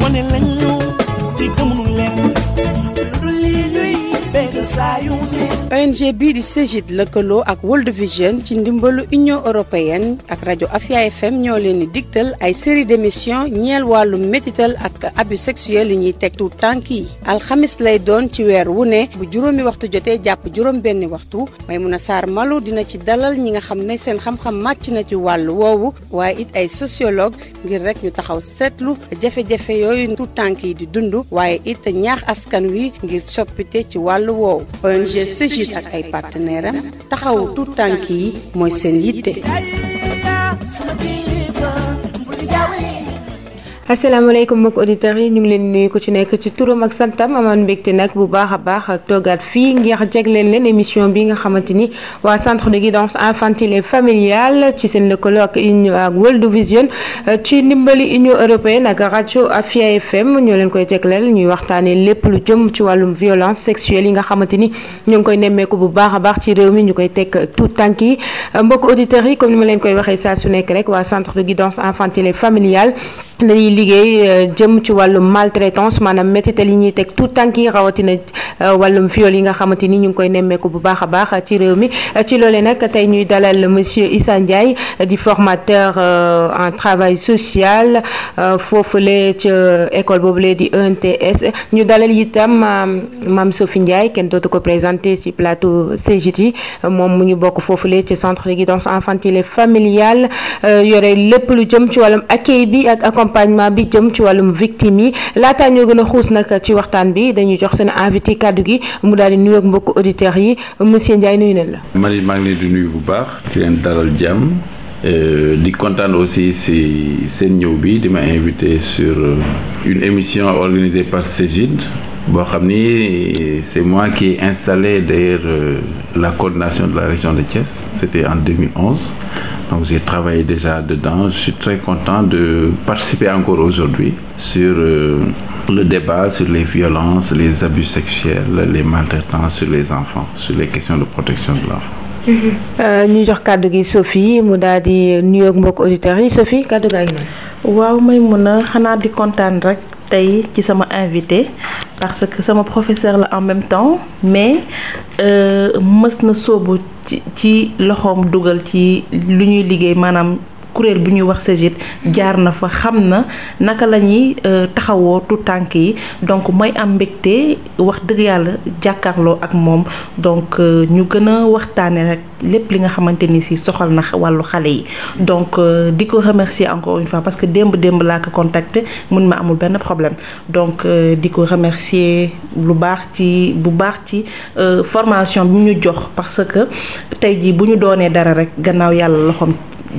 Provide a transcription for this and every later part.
wane lañu te gëmuñu leen lu dul lii ñuy bégal saa yu ne ONG bii di Ségid lëkkaloo ak World Vision ci ndimbalu Union européenne ak rajo Afia FM ñoo leen di digtal ay série d'émission ñeel wàllu métital ak abus sexuel yi ñuy teg tuut tànk yi alxamis lay doon ci weer wu ne bu juróomi waxtu jotee jàpp juróom benni waxtu Maymuna Sarr Malu dina ci dalal ñi nga xam ne seen xam-xam màcc na ci wàllu woowu waaye it ay sociologue ngir rek ñu taxaw seetlu jafe-jafe yooyu tuut tànk yi di dundu waaye it ñaax askan wi ngir soppite ci wàllu woowu Mourchid ak ay partenaire am taxawu tout tànk yi mooy seen yitte. asalaamaaleykum mbokk auditeurs yi ñu ngi leen nuyu ku ci nekk ci turam ak santam amaan mbégte nag bu baax a baax ak toogaat fii ngir jagleel leen émission bi nga xamante ni waa centre de guidance infantile et familiale ci seen lëkkaloo ak union ak World Vision ci ndimbali union européenne ak rajo Afia FM ñoo leen koy jagleel ñuy waxtaanee lépp lu jëm ci wàllum violence sexuelle yi nga xamante ni ñoo ngi koy nemmeeku bu baax a baax ci réew mi ñu koy teg tout tànk yi mbokk auditeurs yi comme ni ma leen koy waxee saa su nekk rek waa centre de guidance infantile et familiale. lañuy liggéey euh, jëm ci wàllum maltraitance maanaam métital yi ñuy teg tout tànk yi rawatina euh, wàllum viol yi nga xamante ni ñu ngi koy nemmeeku bu baax a baax ci réew mi ci loole nag tey ñuy dalal monsieur Issa Ndiaye euh, di formateur en travail social foofule ca école boobu boobule di ENTS ñu dalal itam Mame Sophie njaay kenn dootu ko présenté ci plateau CGT moom mu ngi bokk foofule ci centre de guidance infantile et yore lépp lu jëm ci wàllum accueil bi ak accompagnement bi jëm ci wàllum victime yi laataa ñoo gën a xuus nag ci waxtaan bi dañuy jox seen invité kàddu gi mu daal di nuyoog mbokku auditeurs yi monsieur Ndiaye nuyu nañ la. Marie maa ngi leen nuyu bu baax ci leen dalal jàmm. Euh, di kontaan aussi si seen ñëw bi di ma invité sur euh, une émission organisée par Cegid boo xam ni euh, c'est moi qui ai installé d'ailleurs la coordination de la région de Thiès c'était en 2011 donc j'ai travaillé déjà dedans je suis très content de participer encore aujourd'hui sur le débat sur les violences les abus sexuels les maltraitances sur les enfants sur les questions de protection de l'enfant Euh, ñuy jox kàddu gi Sophie mu daal di nuyoog mbokk auditeurs yi Sophie kàddu gaa ngi noonu. waaw may mun a xanaa di kontaan rek tey ci sama invité parce que sama professeur la en même temps mais euh, mës na sobu ci loxoom dugal ci lu ñuy liggéey maanaam. kuréel bu ñuy wax Ségit jaar na fa xam na naka la ñuy euh, taxawoo tu tànk yi donc mooy am mbégte wax dëgg yàlla jàkkaarloo ak moom donc euh, ñu gën a waxtaane rek lépp li nga xamante ni si soxal na wàllu xale yi donc euh, di ko remercier encore une fois parce que démb démb laa ko contacté mun ma amul benn problème donc di ko remercier lu baax ci bu baax ci formation bi ñu jox parce que tey jii bu ñu doonee dara rek gannaaw yàlla loxoom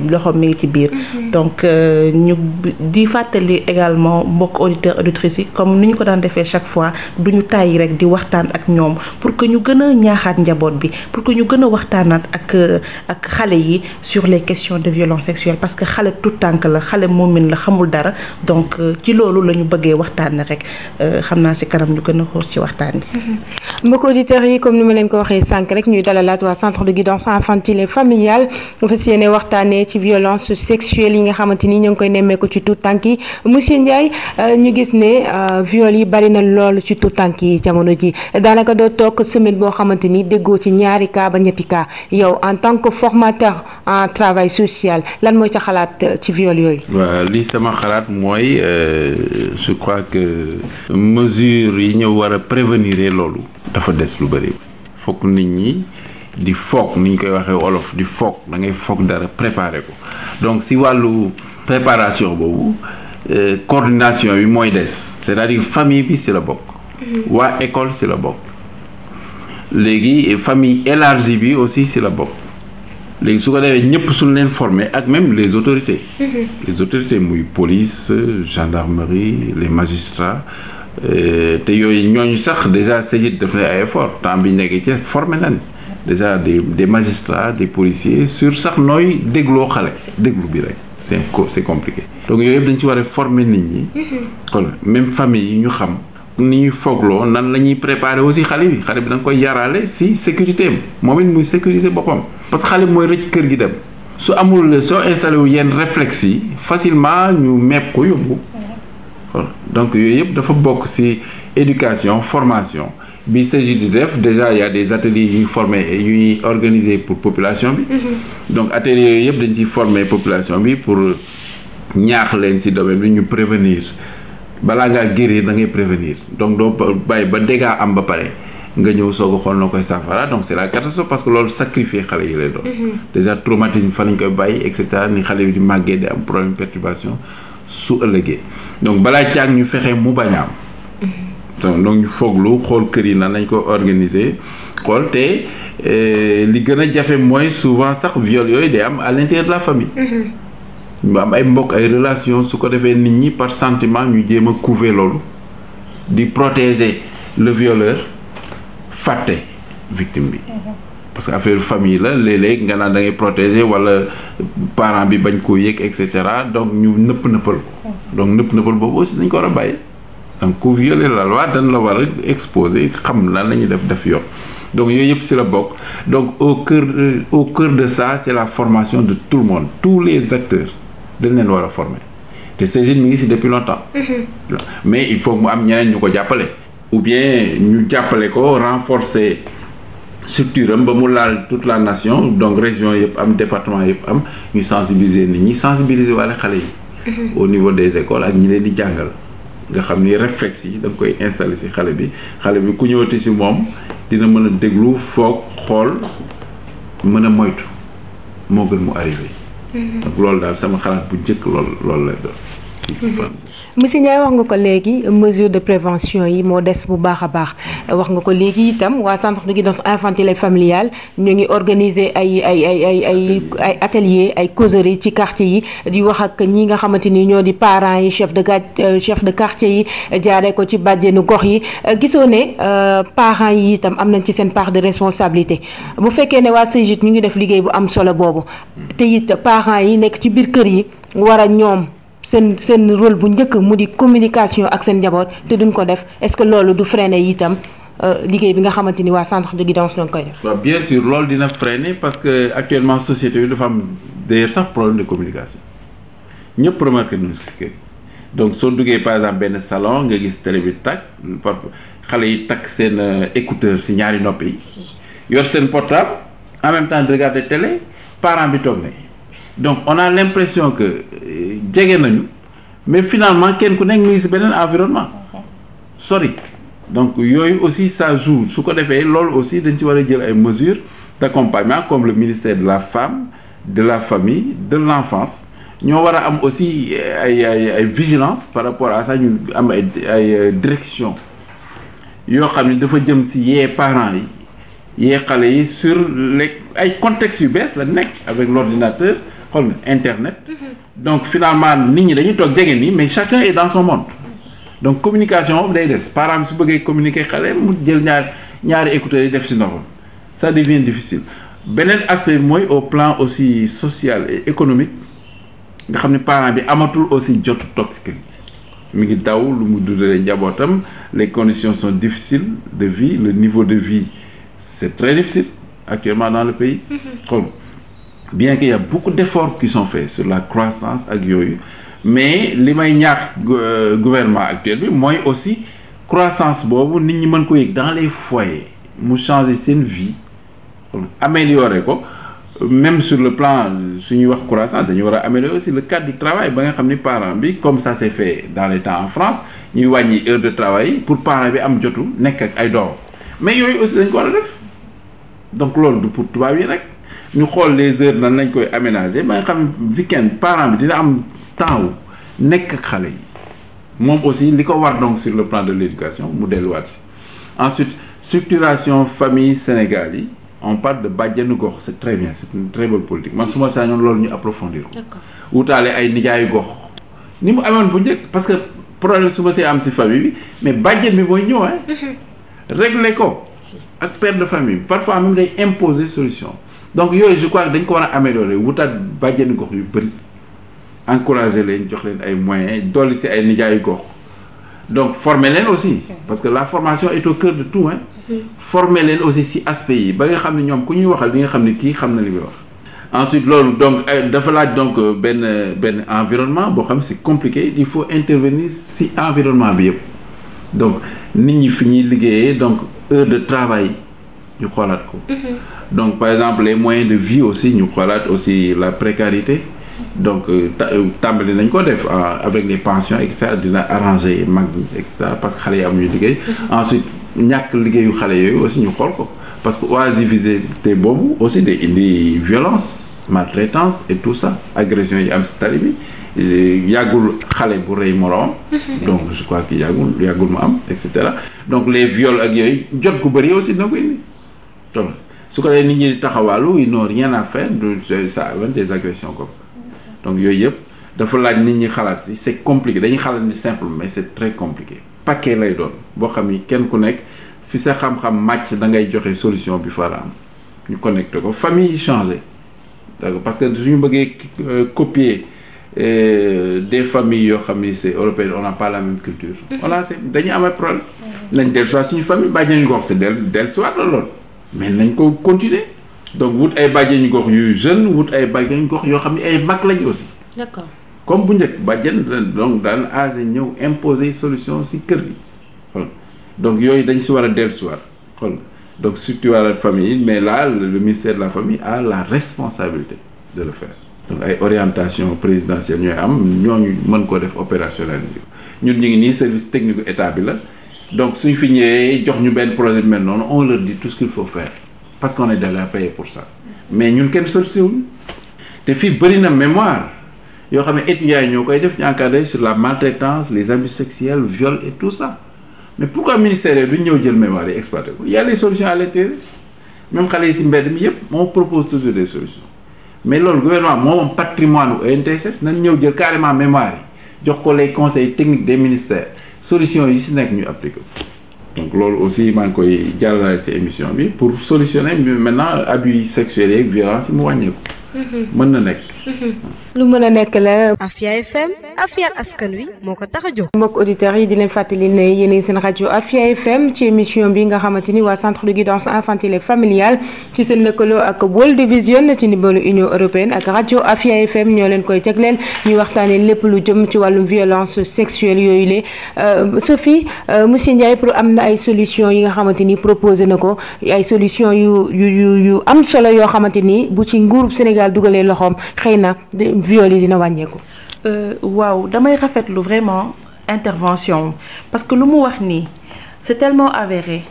loxoom mi ngi ci biir. Mhm. donc euh, ñu di fàttali également mbokk auditeurs auditrices yi comme ni ñu ko daan defee chaque fois du ñu tàyyi rek di waxtaan ak ñoom pour que ñu gën a ñaaxaat njaboot bi pour que ñu gën a waxtaanaat ak euh, ak xale yi sur les questions de violence sexuelle parce que xale tout tànk la xale moomin la xamul dara donc euh, ci loolu la ñu bëggee waxtaan rek xam naa si kanam ñu gën a xool si waxtaan bi. Mhm. mbokk auditeurs yi comme ni ma leen ko waxee sànq rek ñuy dalalaat waxtaanee ci violence sexuelle yi nga xamante ni ñu ngi koy nemmeeku ci tout tànk yi monsieur Ndiaye euh, ñu gis ne euh, viole yi bari na lool ci tout tànk yi jamono ji daanaka doo toog semaine boo xamante ni déggoo ci ñaari cas ba ñetti kaa yow en tant que formateur en travail social lan mooy sa xalaat euh, ci viole yooyu. waaw li sama xalaat mooy je crois que mesure yi ñu war a prévenir loolu dafa des lu bëri fokk nit ñi. di foog ni ñu koy waxee wolof di foog da ngay foog dara préparer ko donc si wàllu préparation boobu euh, coordination bi mooy des c'est-à-dire famille bi ci la bokk. Mm-hmm. waa école ci la bokk. léegi famille élargie bi aussi ci la bokk. léegi su ko defee ñëpp suñ leen former ak même les autorités. Mm-hmm. les autorités muy police gendarmerie les magistrats. Euh, te yooyu ñooñu sax déjà CEGID def na ay effort temps bi ñu nekkee ci formé nañ déjà des des magistrats des policiers sur sax nooy dégloo xale déglu bi rek c'est c'est compliqué. donc yooyu yëpp dañ ci war a former nit ñi. Mhm. kon même famille yi ñu xam ni ñuy foogloo nan la ñuy préparer aussi xale bi xale bi da koy yaraale si sécurité moom it muy sécuriser boppam. parce que xale bi mooy rëcc kër gi dem su amul soo installé wu yenn réflexe yi facilement ñu mepp ko yóbbu. donc yooyu yëpp dafa bokk ci éducation formation. bi s'agit di def déjà y a des ateliers yu ñu formé yu organisé pour population bi. Mhm. donc ateliers yooyu yëpp dañu ciy former population bi pour ñaax leen ci domaine bi ñu prévenir balaa ngaa guérir da ngay prévenir donc doo bàyyi ba dégâts am ba pare nga ñëw soog a xool noo koy saafara donc c'est la catastrophe parce que loolu sacrifier xale yi lay doon. Mhm. déjà traumatisme fa lañ koy bàyyi et cetera ni xale yi di màggee di am problème perturbation su ëllëgee donc balaa caag ñu fexe mu bañ a donc ñu fooglu xool kër yi nan lañ ko organiser xool te eh, li gën a jafe mooy souvent sax viol yooyu day am à l'intérieur de la famille. ñu mm-hmm. am ay mbokk ay relation su ko defee nit ñi par sentiment ñu jéem a couver loolu di protéger le violeur fàtte victime bi. Mm-hmm. parce que affaire famille la léeg-léeg nga naan da ngay protéger wala parent bi bañ koo yëg et cetera donc ñu nëpp nëppal ko. Mm-hmm. donc nëpp nëppal boobu aussi nañ ko war a bàyyi. donc ku violer la loi dañ la war a exposer xam lan la ñuy def def yoon donc yooyu yëpp ci la bokk donc au cœur euh, au cœur de ça c'est la formation de tout le monde tous les acteurs dañ leen war a former te ces mi ngi ci depuis longtemps mmh. mais il faut mu am ñeneen ñu ko jàppale ou bien ñu jàppale ko renforcer structure am ba mu laal toute la nation donc région yëpp am département yëpp am ñu sensibiliser ni ñi sensibiliser walla xale yi mhm. au niveau des écoles ak ñi leen di jàngal nga xam ni réflexe yi da koy installé si xale bi xale bi ku ñëwati si moom dina mën a déglu foog xool mën a moytu moo gën mu arrivé. Mm-hmm. donc loolu daal sama xalaat bu njëkk lool loolu lay doon. Mm-hmm. monsieur Ndiaye wax nga ko léegi mesure de prévention yi moo des bu baax a baax wax nga ko léegi itam waa centre de guidance infantile et familiale ñu ngi organiser ay ay ay ay ay ay atelier ay causerie ci quartier yi di wax ak ñi nga xamante ni ñoo di parents yi chef de ga euh, chef de quartier yi jaaree ko ci bàjjenu gox yi euh, gisoo ne euh, parents yi itam am nañ ci seen part de responsabilité bu fekkee ne waa CGIT ñu ngi def liggéey bu am solo boobu te it parents yi nekk ci biir kër yi war a ñoom seen seen rôle bu njëkk mu di communication ak seen njaboot te duñ ko def est-ce que loolu du freiner itam euh, liggéey bi nga xamante ni waa centre de guidance ñoo ngi koy def. dina freiner parce que actuellement société bi dafa am d'ailleurs sax problème de communication ñëpp remarqué nañu donc soo duggee par exemple benn salon nga gis télé bi tàkk xale yi takk seen euh, écouteur si ñaari nopp yi yor seen portable en même temps de regarder télé parent bi toog ne donc on a l'impression que euh, jege nañu mais finalement kenn ku nekk mu ngi si beneen environnement sori donc yooyu aussi ça jour su ko defee loolu aussi dañ ci war a jël ay mesures d'accompagnement comme le ministère de la femme de la famille de l'enfance ñoo war a am aussi euh, ay ay ay vigilance par rapport à ça ñu am ay ay euh, direction yoo xam ne dafa jëm si yee parents yi yee xale yi sur les ay contextes yu bees la nekk avec l'ordinateur xool nga internet donc finalement nit ñi dañuy toog jege nii mais chacun est dans son monde donc communication day des parents su bëggee communiquer xale mu jël ñaar ñaari écouteurs yi def si ndoxam ça devient difficile beneen aspect mooy au plan aussi social et économique nga xam ne parent bi amatul aussi jotu toxique mu ngi daw lu mu dundalee njabootam les conditions sont difficile de vie le niveau de vie c'est très difficile actuellement dans le pays mm-hmm. xool bien qu'il y a beaucoup d'efforts qui sont faits sur la croissance ak yooyu mais li may ñaax euh, gouvernement actuel bi mooy aussi croissance boobu nit ñi mën ko yëg dans les foyers mu changer seen vie améliorer ko même sur le plan suñuy wax croissance dañu war a améliorer aussi le cadre du travail ba nga xam ni parent bi comme ça s'est fait dans les temps en France ñuy wàññi heure de travail pour parent bi am jotu nekk ak ay doom mais yooyu aussi dañ ko war a def donc loolu ñu xool les heures nan nañ koy aménager ma nga xam weekend parent bi dina am temps nekk ak xale yi moom aussi li ko war donc sur le plan de l'éducation mu delluwaat si ensuite structuration famille Sénégal yi on parle de bàjjenu gox c'est très bien c'est une très bonne politique man su ma sañoon loolu ñu approfondir ko wutaale ay nijaayu gox ni mu amoon bu njëkk parce que problème su ma see am si famille bi mais bàjjen bi mooy ñëw mhm. régler ko ak père de famille parfois même day imposer solution donc yooyu je crois dañ ko war a améliorer wutaat bàjjenu gox yu bëri encourager leen jox leen ay moyens dolli si ay nijaayu gox donc former leen aussi parce que la formation est au de tout hein mm-hmm. former leen aussi si aspect yi ba nga xam ne ñoom ku ñuy waxal li nga xam ne kii xam na li muy wax ensuite loolu donc euh, dafa laaj donc euh, benn benn environnement boo xam si compliqué il faut intervenir si environnement bi yëpp donc nit ñi fi ñuy liggéeyee donc heure de travail ñu xoolaat ko mhm. donc par exemple les moyens de vie aussi ñu xoolaat aussi la précarité donc euh, euh, tàmbali nañ ko def euh, avec les pensions et cetera dina arranger mag et cetera parce que xale yi amuñu liggéey mhm. ensuite ñàkk liggéeyu xale yooyu aussi ñu xool ko parce que te boobu aussi day indi violence maltraitance et tout ça agression yi am si tali bi yàggul xale bu rëy moroom mhm. donc je crois que yàggul yàggul mu am et cetera donc les viols ak yooyu jot ku bëri aussi dina donc su ko defee nit ñi taxawaalu ils n'ont rien à faire de ça des agressions comme ça donc yooyu yëpp dafa laaj nit ñi xalaat si c'est compliqué dañuy xalaat ni simple mais c'est très compliqué paquet lay doon boo xam ni kenn ku nekk fi sa xam-xam màcc da ngay joxe solution bi fa la am ñu connecté ko famille yi changé d'accord parce que suñu bëggee euh, copier euh, des familles yoo xam ni c'est européenne on n'a pas la culture on a dañu am ay problème mm-hmm. nañ dellu suwaat suñu famille bàyyi ñu ko wax si dellu dellu suwaat mais nañ ko continuer donc wut ay bàjjenu gox yuy jeune wut ay bàjjenu gox yoo xam ne ay mag lañ aussi. d'accord comme bu njëkk bàjjen donc daan âge ñëw imposer solution si kër gi xool donc yooyu dañ si war a dellusiwaat xool donc surtout à la famille mais là le ministère de la famille a la responsabilité de le faire. donc ay orientation présidentielle ñooy am ñooñu mën ko def opérationnaliser ñun ñu ngi nii service technique état bi la. donc suñu fi ñëwee jox ñu benn projet bi mel noonu on leur dit tout ce qu'il faut faire parce qu'on est déjà payé pour ça mais ñun kenn solsiwuñ te fii bëri na mémoire yoo xam ne étudiants yi ñoo koy def ñu encadré sur la maltraitance les abus sexuels viol et tout ça mais pourquoi ministère yi duñ ñëw jël mémoire yi exploité ko y a les solutions à l'intérieur xale yi si mbedd mi yëpp moo propose toujours des solutions mais loolu gouvernement moom patrimoine u ENTSS nañ ñëw jël carrément mémoire yi jox ko les conseils techniques des ministères solution yi si nekk ñu appliqué donc loolu aussi maa ngi koy jàllale si émission bi pour solutionner maintenant abus sexuels yeeg violence yi mu wàññeeku. Mm-hmm. mën na nekk. Mm-hmm. lu mën a nekk la. Afia FM Afia askan wi moo tax a jóg. mbokk auditeurs yi di leen fàttali ne yéenay seen rajo Afia FM ci émission bi nga xamante ni waa centre de guidance infantile et familiale ci seen lëkkaloo ak World Vision ci ndimbalu Union européenne ak rajo Afia FM ñoo leen koy jagleel ñuy waxtaanee lépp lu jëm ci wàllum violence sexuelle yooyu le euh, Sophie euh, monsieur Ndiaye pour am na ay solution yi nga xamante ni proposé na ko ay solution yu yu yu yu am solo yoo xamante ni bu ci nguurub Sénégal dugalee loxoom xëy na. viol yi dina wàññeeku. Euh, waaw damay rafetlu vraiment intervention parce que lu mu wax nii c'est tellement avéré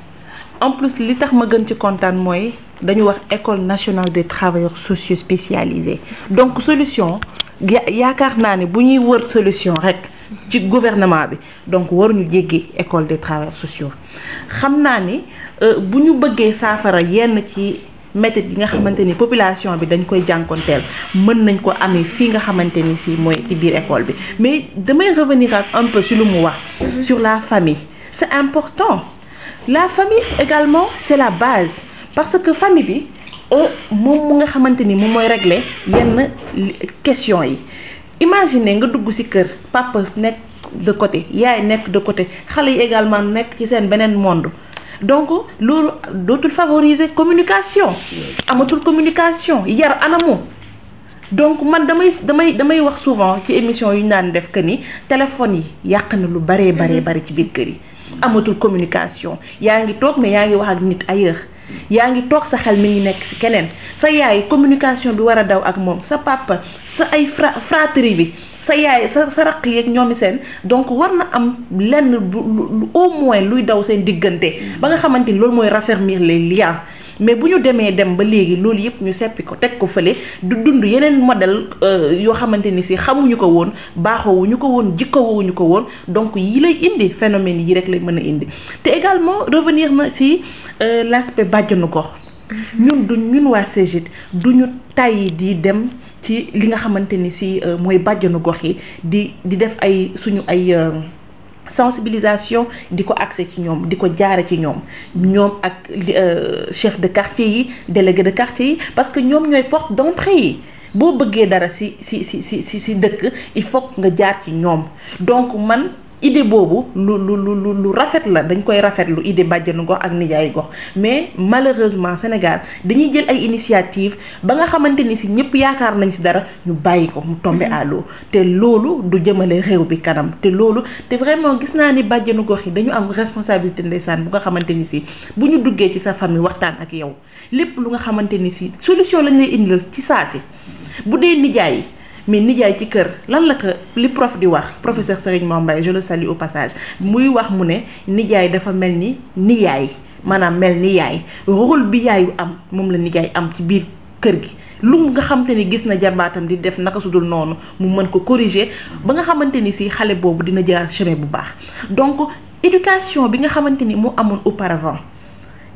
en plus li tax ma gën ci kontaan mooy dañu wax école nationale des travailleurs sociaux spécialisés donc solution yaakaar naa ne bu ñuy wër solution rek. ci gouvernement bi donc waruñu jéggi école des travailleurs sociaux xam naa ni euh, bu ñu bëggee saafara yenn ci. méthode bi nga xamante ni population bi dañ koy jànkonteel mën nañ ko amee fii nga xamante ni si mooy ci biir école bi mais damay revenir ak un peu sur lu mu wax mhm. sur la famille c'est important la famille également c'est la base parce que famille bi moom mu nga xamante ni moom mooy régler yenn question yi imagine nga dugg si kër papa nekk de côté yaay nekk de côté xale yi également nekk ci seen beneen monde donc loolu dootul favoriser communication amatul communication yar anamu donc man damay damay damay wax souvent ci émission yu ñu daan def que ni téléphone yi yàq na lu baree baree mm-hmm. bari ci biir kër yi amatul communication yaa ngi toog mais yaa ngi wax ak nit ailleurs yaa ngi toog sa xel mi ngi nekk ci keneen sa yaay communication bi war a daw ak moom sa papa sa ay fra fratrie bi sa yaay sa sa raq yeeg ñoomi seen donc war na am lenn au moins luy daw seen diggante mm. ba nga xamante ni loolu mooy raffermir les liens mais bu ñu demee dem ba léegi loolu yëpp ñu seppi ko teg ko fële du dund yeneen modèle euh, yoo xamante ni si xamuñu ko woon baaxoowuñu ko woon jikkoowuñu ko woon donc yi lay indi phénomène yi rek lay mën a indi te également revenir na si euh, l' aspect bàjjanu gox mm-hmm. ñun du ñun waa CGIT duñu tàyyi di dem ci li nga xamante ni si euh, mooy bàjjanu gox yi di di def ay suñu ay euh, sensibilisation di ko accès ci ñoom di ko jaare ci ñoom ñoom ak euh, chef de quartier yi délégué de quartier yi parce que ñoom ñooy porte d'entrée yi boo bëggee dara si si si si si si dëkk il faut nga jaar ci ñoom donc man idée boobu lu lu lu lu rafet la dañ koy rafetlu idée bàjjanu gox ak nijaay gox mais malheureusement Sénégal dañuy jël ay initiative ba nga xamante ni si ñëpp yaakaar nañ si dara ñu bàyyi ko mu tombé mm-hmm. à te loolu du jëmale réew bi kanam te loolu te vraiment gis naa ni bàjjanu gox yi dañu am responsabilité ndeysaan bu nga xamante ni si bu ñu duggee ci sa famille waxtaan ak yow lépp lu nga xamante ni si solution lañ lay indil ci saa si mm-hmm. bu dee nijaay yi mais nijaay ci kër lan la ko li prof di wax professeur Serigne Mombaye je le salue au passage muy wax mu ne nijaay dafa mel ni nijaay maanaam mel ni yaay rôle bi yaayu am moom la nijaay am ci biir kër gi lu nga xamante ni gis na jarbaatam di def naka su dul noonu mu mën ko corriger ba nga xamante ni si xale boobu dina jaar chemin bu baax donc éducation bi nga xamante ni mu amoon auparavant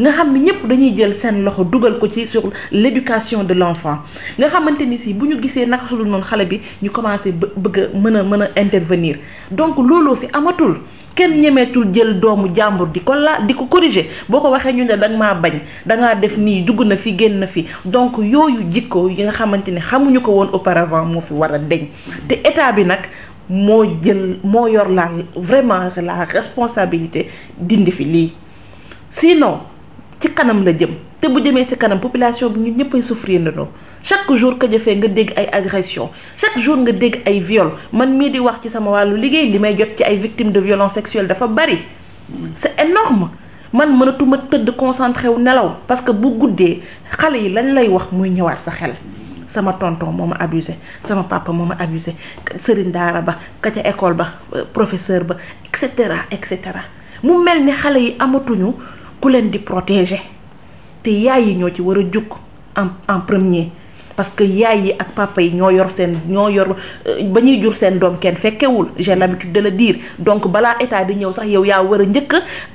nga xam ni ñëpp dañuy jël seen loxo dugal ko ci sur l'éducation de l'enfant nga xamante ni si bu ñu gisee naka su noonu xale bi ñu commencé bëgg mën a mën a intervenir donc looloo fi amatul kenn ñemeetul jël doomu jàmbur di ko la di ko corriger boo ko waxee ñu ne danga maa bañ dangaa def nii dugg na fi génn na fi donc yooyu jikko yi nga xamante ni xamuñu ko woon auparavant moo fi war a deñ te état bi nag moo jël moo yor la vraiment la responsabilité dindi fi lii sinon ci kanam la jëm te bu jëmee ci kanam population bi ñu ñëpp ay souffrir nañoo chaque jour que jëfee nga dégg ay agression chaque jour nga dégg ay viol man mii di wax ci sama wàllu liggéey li may jot ci ay victimes de violence sexuelle dafa bari c'est énorme man mënatuma tëdd concentré wu nelaw parce que bu guddee xale yi lañ lay wax muy ñëwaat sa xel sama tonton moom a abusé sama papa moom ma abusé sëriñ daara ba ka ca école ba professeur ba et cetera cetera mu mel ni xale yi amatuñu ku leen di protéger te yaay yi ñoo ci war a jug en en premier parce que yaay yi ak papa yi ñoo yor seen ñoo yor euh, ba ñuy jur seen doom kenn fekkewul j'ai l'habitude de le dire donc balaa état di ñëw sax yow yaa war a njëkk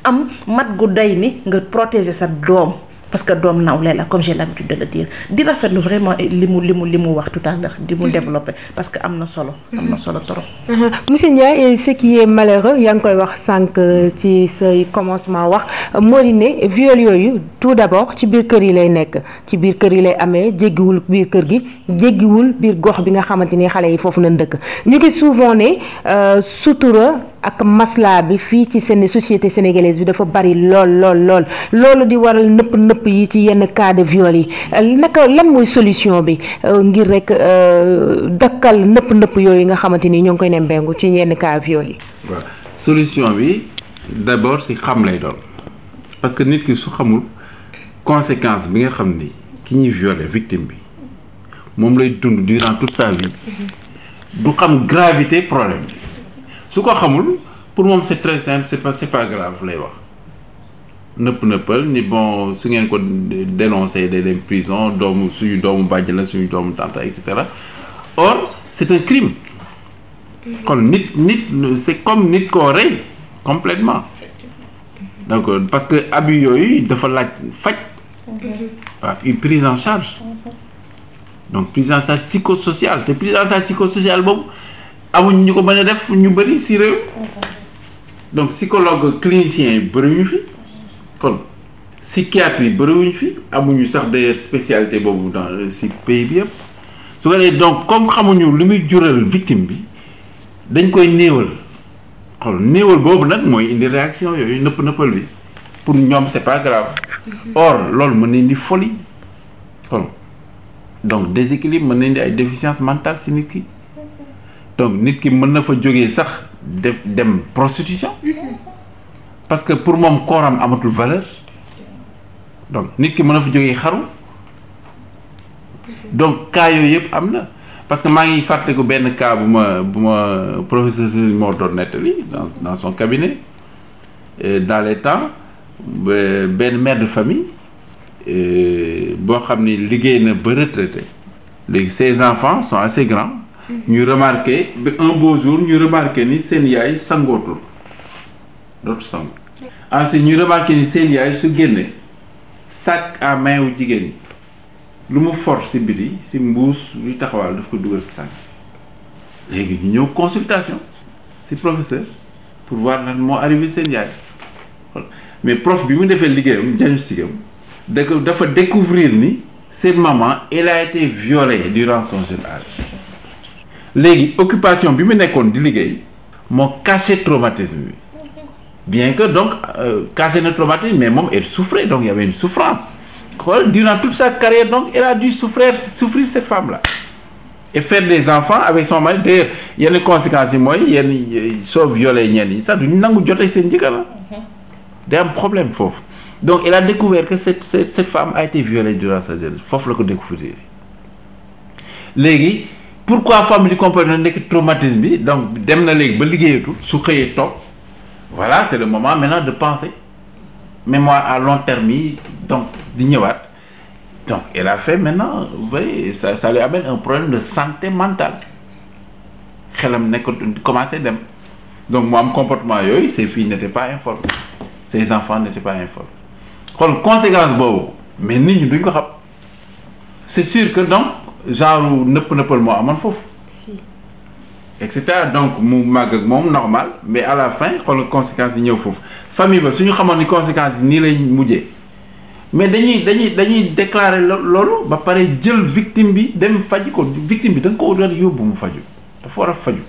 am mat gu day ni nga protéger sa doom parce que doom nawle la comme j'ai l'habitude de le dire di rafetlu vraiment li mu li mu li mu wax tout à l'heure di mu mhm. développé parce que am na solo am na mhm. solo trop mhm. monsieur Ndiaye ce qui est yaa ngi koy wax sànq ci say commencement wax moo di yooyu tout d'abord ci biir kër yi lay nekk ci biir kër yi lay amee jéggiwul biir kër gi jéggiwul biir gox bi nga xamante ni xale yi foofu na dëkk ñu ngi souvent ne euh, sutura ak maslaa bi fii ci seen société sénégalaise bi dafa bari lool lool lool loolu di waral nëpp nëpp yi ci yenn cas de viol yi euh, naka lan mooy solution bi euh, ngir rek euh, dakkal nëpp nëpp yooyu nga xamante ni ñoo ngi koy nembeegu ci yenn cas viol yi. solution bi d'abord si xam lay doon parce que nit ki su xamul conséquence bi nga xam ni ki ñuy violé victime bi moom lay dund durant toute sa vie mm-hmm. du xam gravité problème su ko xamul pour moom c'est très simple c'est pas c'est pas grave lay wax nëpp nëppal ni bon su ngeen ko dénoncé day dem prison doomu suñu doomu bàjj la suñu doomu tante et cetera or c'est un crime mm-hmm. kon nit nit c'est comme nit koo rey complètement donc euh, parce que abus yooyu dafa laaj faj waaw mm-hmm. ah, une prise en charge mm-hmm. donc prise en charge psychosociale te prise en charge psychosociale boobu amuñ ñu ko bañ a def ñu bëri si réew donc psychologue clinicien yi bëriwuñ fi kon psychiatre yi bëriwuñ fi amuñu sax d'ailleurs spécialité boobu dans si pays bi yëpp su ko defee donc comme xamuñu lu muy jural victime bi dañ koy néewal xool néewal boobu nag mooy indi réaction yooyu nëpp nëppal bi pour ñoom c'est pas or loolu mën na indi folie xool donc déséquilibre mën na indi ay déficience mentale si nit donc nit ki mën na fa jóge sax de dem prostitution mm-hmm. parce que pour moom kooram amatul valeur donc nit ki mën na fa jóge xaru mm-hmm. donc cas yooyu yëpp am na parce que maa ngi fàttaliku benn cas bu ma bu ma professeur Serigne Mor doon nettali dans son cabinet Et euh, dans les temps benn mère de famille euh, boo xam ni liggéey na ba retraité léegi ses enfants sont assez grands ñuy remarqué ba un beau jour ñu remarqué ni seen yaay sangootul dootu sang ensuite ñu remarqué ni seen yaay su génne sac à main wu jigéen ñi lu mu for si biti si mbuus luy taxawaal daf ko dugal si sac léegi ñu ñëw consultation si professeur pour voir lan moo arrivé seen yaay mais prof bi mu defee liggéeyam diagnostic am da ko dafa découvrir ni seen maman elle la été violée durant son jeune léegi occupation bi mu nekkoon di liggéey moo caché traumatisme bi bien que donc euh, caché na traumatisme mais moom elle souffrait donc il y avait une souffrance xool durant toute sa carrière donc elle a dû souffrir cette femme là et faire des enfants avec son mari d'ailleurs yenn conséquences yi mooy yenn soo violé ñenn yi sax duñu nangu jotee se jëkkër la ah. mm-hmm. de am problème foofu donc elle a découvert que cette cette, femme a été violée durant sa jeunesse foofu la ko découvrir léegi pourquoi famille comportement nekk traumatisme bi donc dem na léegi ba liggéeyatul su xëyee toog voilà c'est le moment maintenant de penser mémoire à long terme yi donc di ñëwaat donc elle a fait maintenant vous voyez ça ça lui un problème de santé mentale xelam nekk commencé dem donc mu am comportement yooyu ses filles n'étaient pas informées ses enfants n'étaient pas informés kon conséquence boobu mais nit ñi duñ ko xam c'est sûr que donc genre nëpp nëppal moo amoon foofu. et cetera donc mu màgg ak moom normal mais à la fin xoolal conséquences yi ñëw foofu famille ba suñu xamoon ni conséquences yi nii lay mujjee mais dañuy dañuy dañuy déclarer loolu ba pare jël victime bi dem faj ko victime bi da nga ko war a yóbbu mu faju dafa war a faju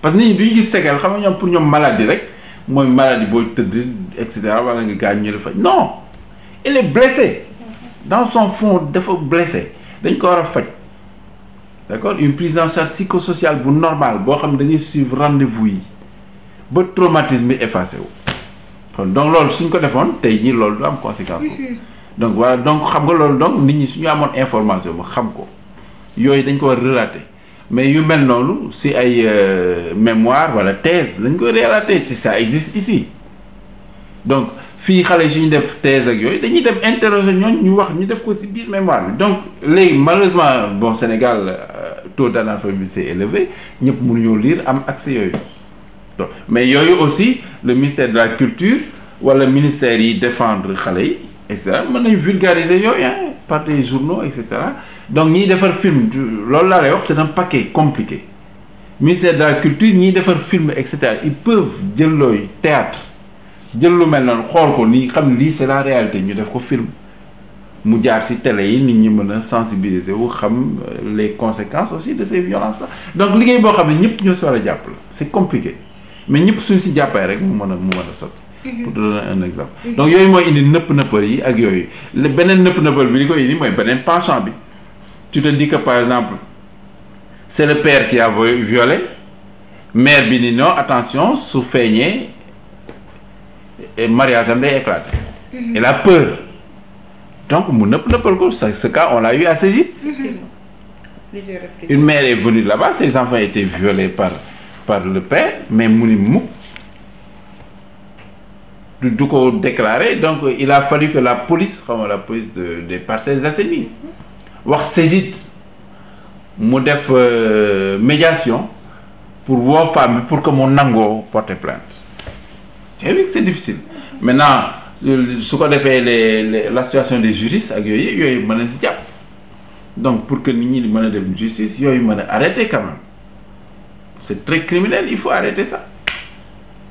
parce que nit ñi du gis séquelles xam nga ñoom pour ñoom maladie rek mooy maladie booy tëdd et cetera wala nga gaañ ñu la faj non il est blessé dans son fond dafa blessé dañ ko war a faj. d'accord une prise en charge psychosociale bu normale boo xam ne dañuy suivre rendez-vous yi ba traumatisme yi effacé wu kon donc loolu suñ ko defoon tey jii loolu du am conséquence boobu mm-hmm. donc voilà donc xam nga loolu donc nit ñi suñu amoon information ba xam ko yooyu dañ ko war relater mais yu mel noonu si ay euh, mémoire wala thèse lañ koy relater ci ça existe ici donc fii xale suñu def thèse ak yooyu dañuy dem interroger ñooñu ñu wax ñu def ko si biir mémoire bi donc léegi malheureusement bon Sénégal taux d'analphabétisme élevé ñëpp mënuñoo liir am accès yooyu mais yooyu aussi le ministère de la culture wala ministère yi defendre xale yi et mën nañu vulgariser yooyu ah par des journaux et cetera donc ñiy defar film loolu laa lay wax c'est un paquet compliqué ministère de la culture ñiy defar film et cetera ils peuvent jël looy théâtre jël lu mel noonu xool ko nii xam lii c'est la réalité ñu def ko film mu jaar ci télé yi nit ñi mën a sensibiliser wu xam euh, les conséquences aussi de ces violences là donc liggéey boo xam ne ñëpp ñoo si war a jàpp la c'est compliqué mais ñëpp suñ si jàppee rek mu mën a mu mën a sotti mhm. pour te donner un exemple mhm. donc yooyu mooy indi nëpp nëppal yi ak yooyu beneen nëpp nëppal bi li koy indi mooy beneen penchant bi tu te dis par exemple c'est le père qui a violé mère bi ni non attention su feeñee mariage am day éclaté mhm. elle a donc mu nëpp nëppal ko ce cas on l'a eu à Ségip une mère est venue là-bas ses enfants étaient violés par par le père mais mu ni mukk du du ko déclaré donc il a fallu que la police xam nga la police de des Parcelles Assainies wax Ségip mu def euh, médiation pour woo femme pour que mu nangoo porter plainte c'est difficile su ko defee les la situation des juristes ak yooyu yooyu mën a si jàpp donc pour que nit ñi mën a dem justice yooyu mën a arrêter quand même c'est très criminel il faut arrêter ça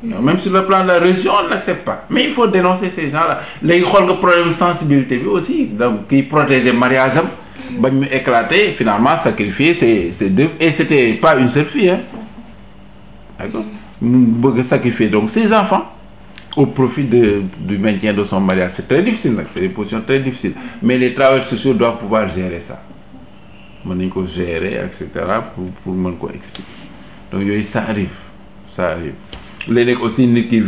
mm. même sur le plan de la religion on n'accepte pas mais il faut dénoncer ces gens-là léegi xool nga problème sensibilité bi aussi donc kiy protéger mariage am mm. bañ mu éclater finalement sacrifier ses ses deux et c'était pas une seule fille hein mm. d'accord mu bëgg sacrifier donc ses enfants au profit de, du maintien de son mariage. C'est très difficile, c'est des positions très difficiles. Mais les travailleurs sociaux doivent pouvoir gérer ça. Ils doivent gérer, etc. pour, pour nous expliquer. Donc ça arrive. Ça arrive. Les nègres aussi, nègres qui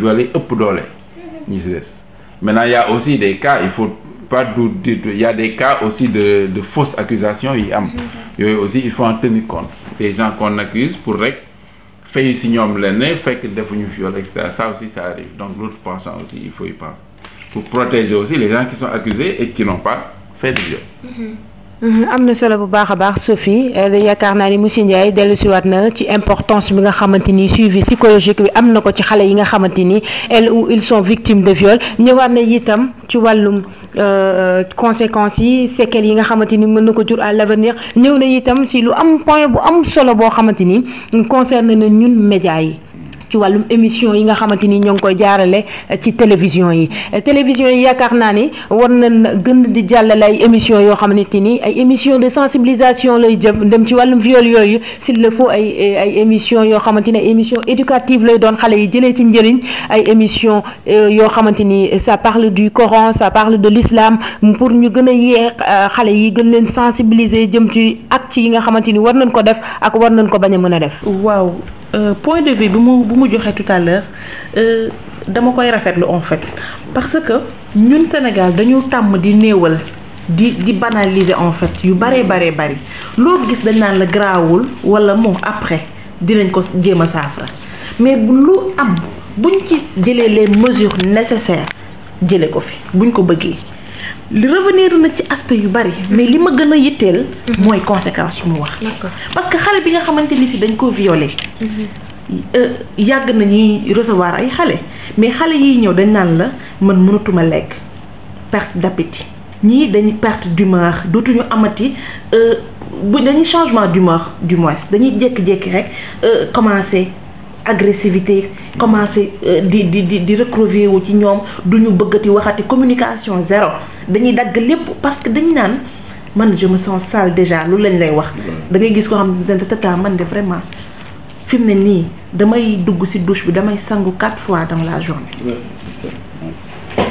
y aussi des cas, il faut pas douter. Il y a des cas aussi de, de fausses accusations. Mm-hmm. Il y a aussi, tenir compte. Les gens qu'on pour règle fay si ñoom leen ne fekk defuñu viol et cetera ça aussi ça arrive donc l'autre pensant aussi il faut y penser pour protéger aussi les gens qui sont accusés et qui n'ont pas fait de viol. Mm-hmm. Mhm, am na solo bu baax a baax Sophie euh, yaakaar naa ni monsieur Ndiaye dellusiwaat na ci importance bi nga xamante ni suivi psychologique bi am na ko ci xale yi nga xamante ni elles ou ils sont victimes de viol ñëwaat na itam ci wàllum euh, conséquences yi séquelles yi nga xamante ni mën na ko jur à l'avenir ñëw na itam ci lu am point bu am solo boo xamante ni concerne na ñun médias yi. ci wàllum émission yi nga xamante ni ñoo ngi koy jaarale eh, ci télévision yi eh, télévision yi yaakaar naa ni war na gën di jàllale ay émission yoo xamante ni ay émission de sensibilisation lay jëm dem ci wàllum viol yooyu s'il le faut ay eh, ay émission xamante ni ay éducative lay doon xale yi jëlee ci njëriñ ay émission yoo xamante ni ça parle du Coran ça parle de l'islam pour ñu gën a yee xale yi gën leen sensibiliser jëm ci actes yi nga xamante ni war nañ ko def ak war nañ ko bañ a mën a def waaw Euh, point de vue bi mu bu mu joxee toutaleur à euh, dama koy rafetlu en fait parce que ñun Sénégal dañu tàmm di néewal di di banaliser en fait yu baree baree bari loo gis dañ naan la garaawul wala moom après dinañ ko jéem a saafara mais lu am buñ ci jëlee leen mesures nécessaires jële ko fi buñ ko bëggee. li revenir na ci aspect yu bari mais li ma gën a yitteel mhm. mooy conséquence yu mu wax parce que xale bi nga xamante ni si dañ ko violé mhm. euh, yàgg na recevoir ay xale mais xale yi ñëw dañ naan la man mënatuma lekk perte d'appétit ñii dañuy perte d'humeur dootuñu amati euh, bu dañuy changement d'humeur du dañuy jékki-jékki rek euh, commencé agressivité commencé euh, di di di di recrovier wu ci ñoom du ñu bëggati waxati communication zéro dañuy dagg lépp parce que dañu naan man je me sens sale déjà lu lañ lay wax. dangay gis koo xam ne tata man de vraiment fi mu ne nii damay dugg ci douche bi damay sangu quatre fois dans la journée.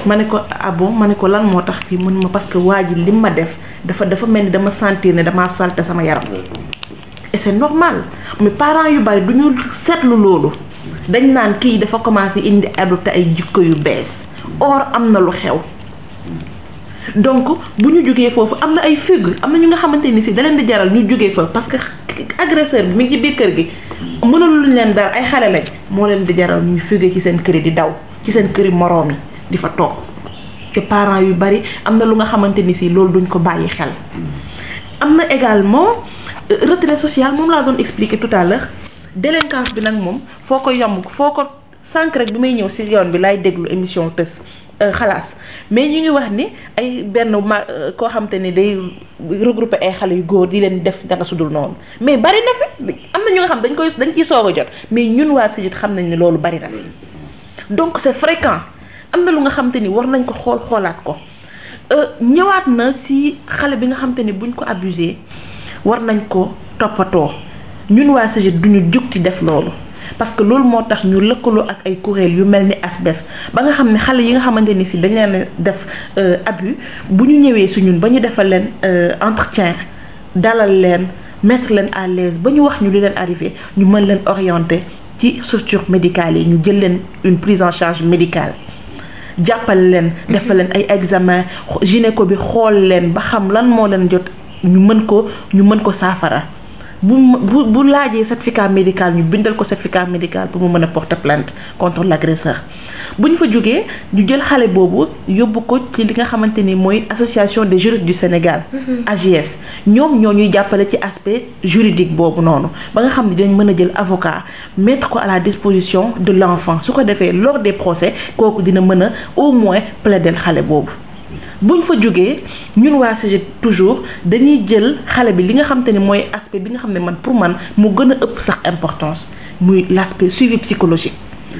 ma ne ko ah bon ma ne ko lan moo tax fii mun ma parce que waa ji li ma def dafa dafa mel ni dama sentir ne damaa salte sama yaram. et normal mu parent yu bari du ñu seetlu loolu dañ naan kii dafa commencé indi adopté ay jikko yu bees or am na lu xew donc bu ñu jógee foofu am na ay fugue am na ñu nga xamante ni si da leen di jaral ñu jógee fa parce que agresseur bi mi ngi ci kër gi mënul leen dara ay xale moo leen di jaral ñuy fugue ci seen kër daw ci seen kër moroom yi di toog te parents yu bari am na lu nga xamante ni si loolu duñ ko bàyyi xel am na également retrait social moom laa doon expliquer tout à l'heure délinquance bi nag moom foo ko yomb foo ko sànq rek bi may ñëw ci yoon bi laay déglu émission tës euh, xalaas mais ñu ngi wax ni ay benn ma euh, koo xam te ne day regrouper ay xale yu góor di leen def danga sudul noonu mais bari na fi am na ñu nga xam dañ koy dañ ciy soog a jot mais ñun waa Cégid xam nañ ne loolu bari na fi donc c'est fréquent am na lu nga xam te ni war nañ ko xool xoolaat ko euh, ñëwaat na ci xale bi nga xam ni buñ ko abusé. war nañ ko toppatoo ñun waa CGT duñu jug ci def loolu parce que loolu moo tax ñu lëkkaloo ak ay kuréel yu mel ni ASBEF ba nga xam ne xale yi nga xamante ni si dañ leen def euh, abus bu ñu ñëwee su ñun ba ñu defal leen euh, entretien dalal leen mettre leen à l'aise ba ñu wax ñu li leen arrivé ñu mën leen orienter ci structure médicale yi ñu jël leen une prise en charge médicale jàppal leen defal mhm. leen ay examen gynéco bi xool leen ba xam lan moo leen jot ñu mën ko ñu mën ko saafara bu bu bu laajee certificat médical ñu bindal ko certificat médical pour mu mën a porter plainte contre l'agresseur bu ñu fa jógee ñu jël xale boobu yóbbu ko ci li nga xamante ni mooy association des juristes du Sénégal. Mm-hmm. AJS ñoom ñoo ñuy jàppale ci aspect juridique boobu noonu ba nga xam ne dinañ mën a jël avocat mettre ko à la disposition de l'enfant su ko defee lors des procès kooku dina mën a au moins plaider xale boobu. bu ñu fa jógee ñun waa CGT toujours dañuy jël xale bi li nga xam ne mooy aspe bi nga xam ne man pour man mu gën a ëpp sax importance muy l' aspect suivi psychologique.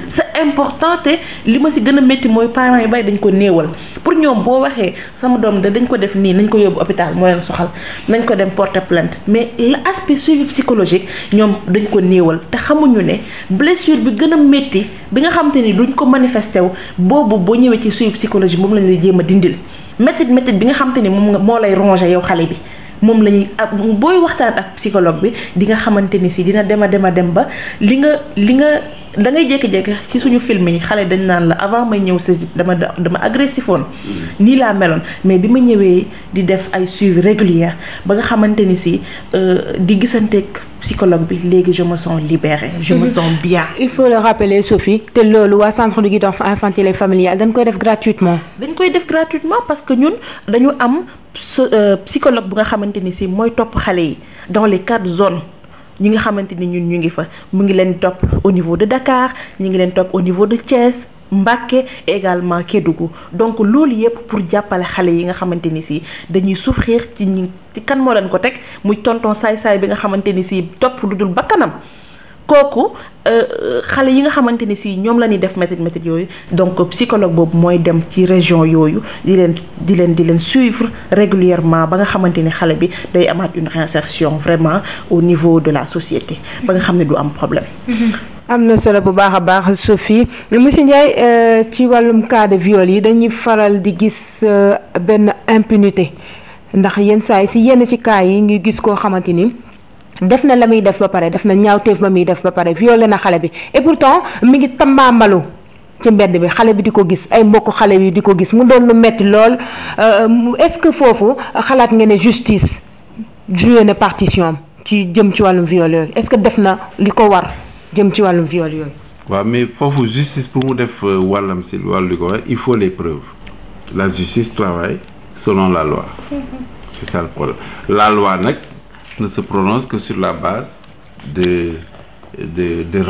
c' est li ma si gën a métti mooy parents yu bay dañ ko néewal pour ñoom boo waxee sama doom da dañ ko def nii nañ ko yóbbu hôpital moo leen soxal nañ ko dem porter plant mais l'aspect suivi psychologique ñoom dañ ko néewal te xamuñu ne blessure bi gën a métti bi nga xam te ni duñ ko manifesté wu boobu boo ñëwee ci suivi psychologique moom lañ lay jéem a dindil. métit métit bi nga xam te ni moom moo lay rongé yow xale bi moom la ñuy booy waxtaan ak psychologue bi di nga xamante ni si dina dem a dem a dem ba li nga li nga da ngay jékki-jékki ci suñu film yi xale dañ naan la avant may ñëw sa dama dama agressif woon mm. nii laa meloon mais bi ma ñëwee di def ay suivi régulier ba nga xamante ni si euh, di gisanteeg psychologue bi léegi je me sens libérée. je me mhm. sens bien. il faut le rappeler Sophie te loolu waa centre de guidance infantile et familiale dañ koy def gratuitement. dañ koy def gratuitement parce que ñun dañu am euh, psychologue bu nga xamante ni si mooy topp xale yi dans les quatre zones. ñi nga xamante ni ñun ñu ngi fa mu ngi leen topp au niveau de Dakar ñu ngi leen topp au niveau de Thiès Mbàkke également Kédougou donc loolu yëpp pour jàppale xale yi nga xamante ni si dañuy souffrir ci ñi ci kan moo leen ko teg muy tonton saay-saay bi nga xamante ni si topp lu dul bakkanam kooku euh, euh, xale yi nga xamante ni si ñoom la ñuy def métit métit yooyu donc psychologue boobu mooy dem ci région yooyu di leen di leen di leen suivre régulièrement ba nga xamante ni xale bi day amaat une réinsertion vraiment au niveau de la société ba nga xam ne du am problème mm-hmm. am na solo bu baax a baax Sophie monsieur Ndiaye euh, ci wàllum cas de yi dañuy faral di gis euh, benn impunité ndax yenn saa yi si yenn ci cas yi ngi gis koo xamante ni. def na la muy def ba pare def na ñaawteef ba muy def ba pare viole na xale bi et pourtant mi ngi tambaambalu ci mbedd bi xale bi di ko gis ay mbokk xale bi di ko gis mu doon lu metti lool euh, est-ce que foofu xalaat nga ne justice joué na partition ci jëm ci wàllum viol est-ce que def na li ko war. jëm ci wàllum viol yooyu. waaw mais foofu justice pour mu def euh, wàllam si wàllu li ko wax il faut les preuves la justice travaille selon la loi c'est ça la loi nag ne se prononce que sur la base de de de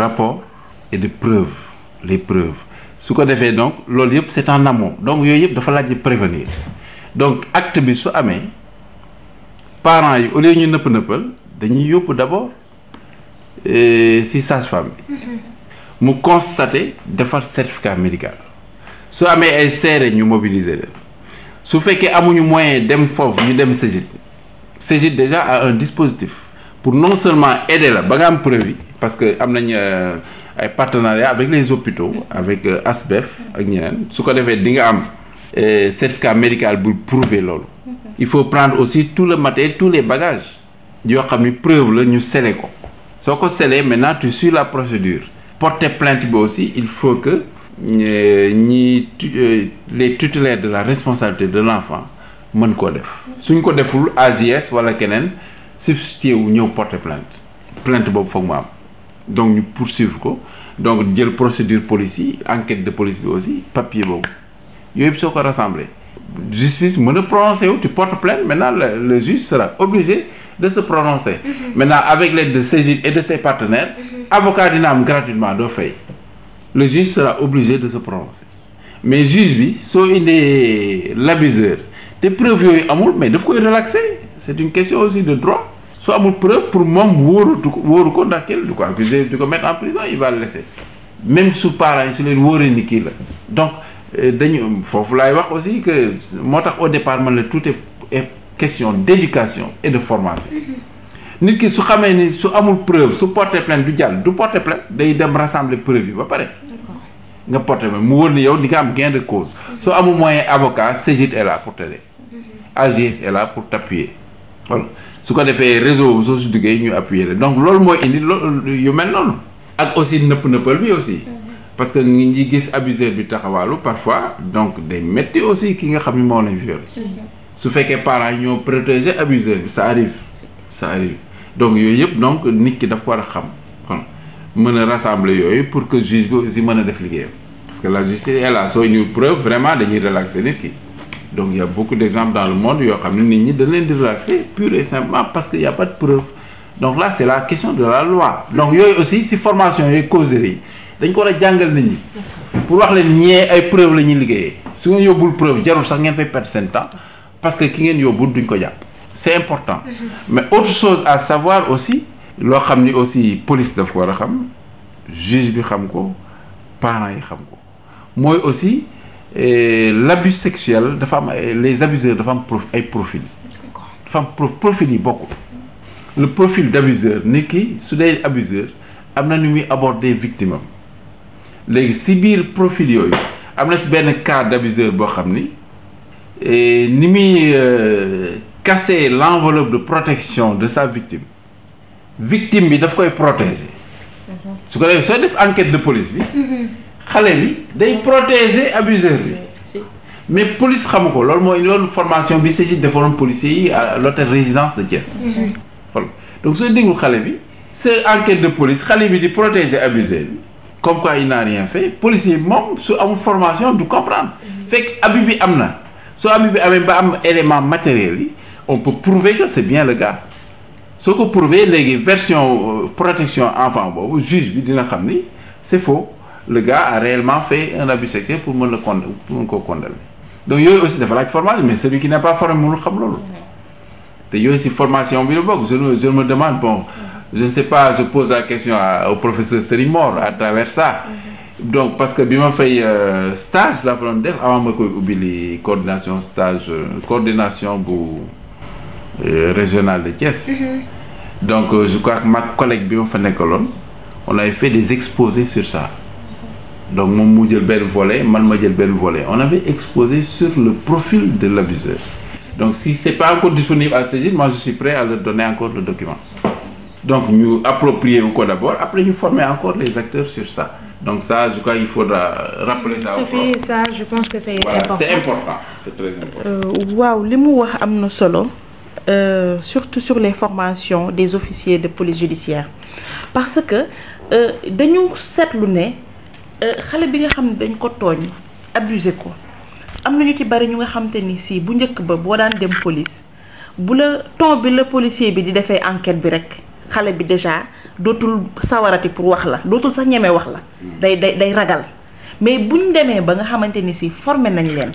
et de preuves les preuves su ko defee donc loolu yëpp c'est en amont donc yooyu yëpp dafa laaj prévenir donc acte bi su amee parents yi au lieu ñu nëpp nëppal dañuy yóbbu d'abord. Euh, si sage-femme bi mu constaté defar certificat médical su amee ay seere ñu mobiliser leen su fekkee amuñu moyen dem foofu ñu dem Ségit Ségit déjà a un dispositif pour non seulement aider la ba nga am preuve yi parce que am nañ euh, ay partenariat avec les hôpitaux avec ASBEF euh, ak ñeneen su ko defee di nga am certificat médical bu prouver loolu mm-hmm. il faut prendre aussi tout le matériel tous les bagages yoo xam ni preuve la ñu sele ko soo ko selee maintenant tu suis la procédure porter plainte bi aussi il faut que euh, ñi euh, les tutelaires de la responsabilité de l'enfant mën koo def suñ ko deful AJS wala keneen substitué wu ñëw porter plainte plainte boobu foog mu donc ñu poursuivre ko donc jël procédure police yi enquête de police bi aussi papier boobu yooyu soo ko rassemblé justice mën a prononcé wu tu portes plainte maintenant le, le juge sera obligé de se prononcer mm -hmm. avec l'aide de Cegid et de ses partenaires mm avocat dina am gratuitement doo fay le juge sera obligé de se prononcer mais juge bi soo indee l'abuseur te preuve yooyu amul mais daf koy relaxer c'est une question aussi de droit soo amul preuve pour moom wóoratu ko wóoru ko ndax kenn du ko accuser du ko mettre en prison il va le laisser même su parents yi su leen wóoree ni kii la donc Euh, dañu foofu laay wax aussi que moo tax au départ man la tout est question d'éducation et de formation mm-hmm. nit ki su xamee ni su amul preuve su porté plainte du jàll du porté plainte day dem rassembler preuve yi ba pare nga porté plainte mu wóor ni yow di nga am gain de cause mm-hmm. soo amul moyen avocat CGIT est là pour t'aider mm-hmm. AGS est là pour t'appuyer voilà su ko defee réseau soo si duggee ñu appuyer donc loolu mooy indi loolu yu mel noonu ak aussi nëpp nëppal bi aussi parce que ngi ñi gis abuseur bi taxawaalu parfois donc day métti aussi ki nga xam ne moo lañ violence su fekkee parents yi ñoo protéger abuseur bi ça arrive ça arrive donc yooyu yëpp donc nit ki daf ko war a xam kon mën a rassembler yooyu pour que juge bi aussi mën a def liggéeyam parce que la justice est là soo ñu preuve vraiment dañuy relaxer nit ki donc il y a beaucoup d'exemples dans le monde yoo xam ne nit ñi dañ leen di relaxer pur et simplement parce que y a la question de la loi donc yooyu aussi si formation yooyu causerie dañ ko war a jàngal nit ñi pour wax leen ñee ay preuve la ñuy liggéeyee su ngeen yóbbul preuve jarul sax ngeen fay perdre seen temps parce que ki ngeen yóbbul duñ ko jàpp c'est important mm-hmm. mais autre chose à savoir aussi loo xam ni aussi police daf ko war a xam juge bi xam ko parents yi xam ko mooy aussi eh, l'abus sexuel dafa am eh, les abuseurs dafa am prof ay profil dafa am pro profil yi bokkul le profil d'abuseur nit ki su dee abuseur am na ni muy aborder victime am léegi si biir profil yooyu am na si benn cas d'abuseur boo xam ni ni muy euh, casser l'enveloppe de protection de sa victime victime bi daf koy protéger mm-hmm. su ko defee soo def enquête de police bi mm-hmm. xale bi day mm-hmm. protéger abuseur bi mais police xamu ko loolu mooy loolu formation bi ci defoon policiers yi à l'hôtel résidence de Thiès donc soo déglu xale bi sa enquête de police xale bi di protéger abuseur bi comme quoi il n'a rien fait policier moom su amul formation du comprendre fekk abus bi am na soo abus bi amee ba am élément matériel yi on peut prouver que c'est bien le gars soo ko prouver léegi version euh, protection enfant boobu juge bi dina xam ni c'est faux le gars a réellement fait un abus sexuel pour mën la pour mën koo condamner donc yooyu aussi dafa laaj formation mais celui qui na pas formé mënul xam loolu te yooyu si formation bi la bokk je je me demande je ne sais pas je pose la question à, au professeur Serigne à travers ça. Mm donc parce que bi ma fay euh, stage la fa doon def avant ma koy ubbi li coordination stage euh, coordination bu euh, régional de Thiès. Mhm. donc euh, je crois que ma collègue bi ma fa nekkaloon on avait fait des exposés sur ça. donc moom mu jël benn volet man ma jël benn volet on avait exposé sur le profil de l'abuseur donc si c'est pas encore disponible à saisir moi je suis prêt à leur encore le document. Donc ñu approprier quoi d'abord, après ñu former encore les acteurs sur ça. Donc ça, je crois qu'il faudra rappeler ça. Sophie, ça, je pense que c'est voilà, important. C'est important, c'est très important. Waouh, les mots solo. Euh, surtout sur les formations des officiers de police judiciaire parce que euh, dañu seetlu ne euh, xale bi nga xam ne dañ ko tooñ abusé ko am nañu ci bari ñu nga xam te ni si bu njëkk ba boo daan dem police bu la ton bi la policier bi di defee enquête bi rek xale bi déjà dootul sawarati pour wax la dootul sa ñeme wax la hmm. day day day ragal mais buñ demee ba nga xamante ni si formé nañ leen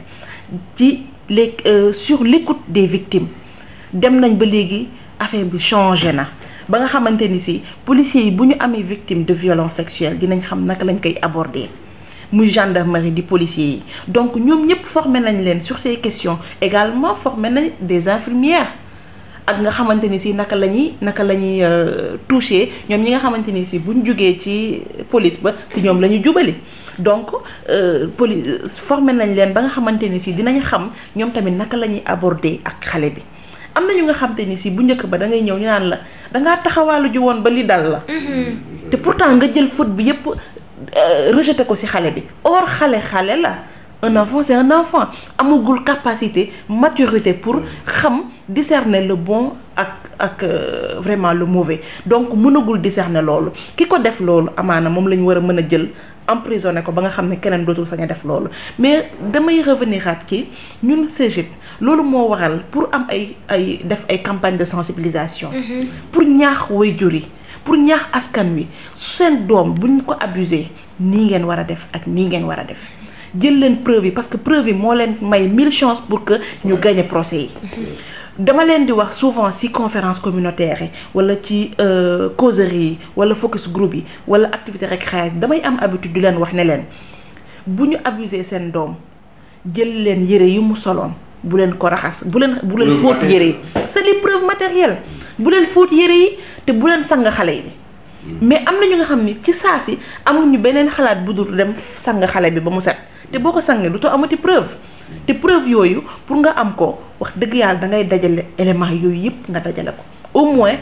ci les euh, sur l'écoute des victimes dem nañ ba léegi affaire bi changé na ba nga xamante ni si policiers yi bu ñu amee victime de violence sexuelle dinañ xam naka lañ koy aborder muy gendarmerie di policiers yi donc ñoom ñëpp formé nañ leen sur ces questions également formé nañ des infirmières ak nga xamante ni sii naka la ñuy naka la ñuy euh, touché ñoom ñi nga xamante ni si buñ jógee ci police ba ci ñoom la ñu jubali donc euh, police formé nañ leen ba nga xamante ni si dinañ xam ñoom tamit naka la ñuy abordé ak xale bi am na ñu nga xamante ni si bu njëkk ba da ngay ñëw ñu naan la dangaa taxawaalu ji woon ba li dal la mm-hmm. te pourtant nga jël faute bi yépp euh, rejeté ko si xale bi or xale xale la un enfant c'est un enfant amagul capacité maturité pour xam discerner le bon ak ak euh, vraiment le mauvais donc mënagul discerner loolu ki ko def loolu amaana moom la ñu war a mën a jël emprisonné ko ba nga xam ne keneen dootul sañ a def loolu mais damay revenir at ci ñun CEGIP loolu moo waral pour am ay ay def ay campagne de sensibilisation mhm. pour ñaax waajur yi pour ñaax askan wi seen doom buñ ko abusé nii ngeen war a def ak nii ngeen war a def jël leen preuve yi parce que preuve yi moo leen may mille chances pour que ñu gagné procès yi dama leen di wax souvent ci conférence communautaire yi wala ci euh, causerie yi wala focus group yi wala activité récréative damay am abitude du leen wax ne leen bu ñu abusé seen doom jël leen yére yi mu soloon bu leen ko raxas bu leen bu leen fóot yére yi c'est les preuves matérielles bu leen fóot yére yi te bu leen sang xale yi mm. mais am na ñu nga xam ni ci saa si amuñu beneen xalaat bu dul dem sang xale bi ba mu set te boo ko sangee lu too amati preuve te preuve yooyu pour nga am ko wax dëgg yàlla dangay dajale élément yooyu yëpp nga dajale ko au moins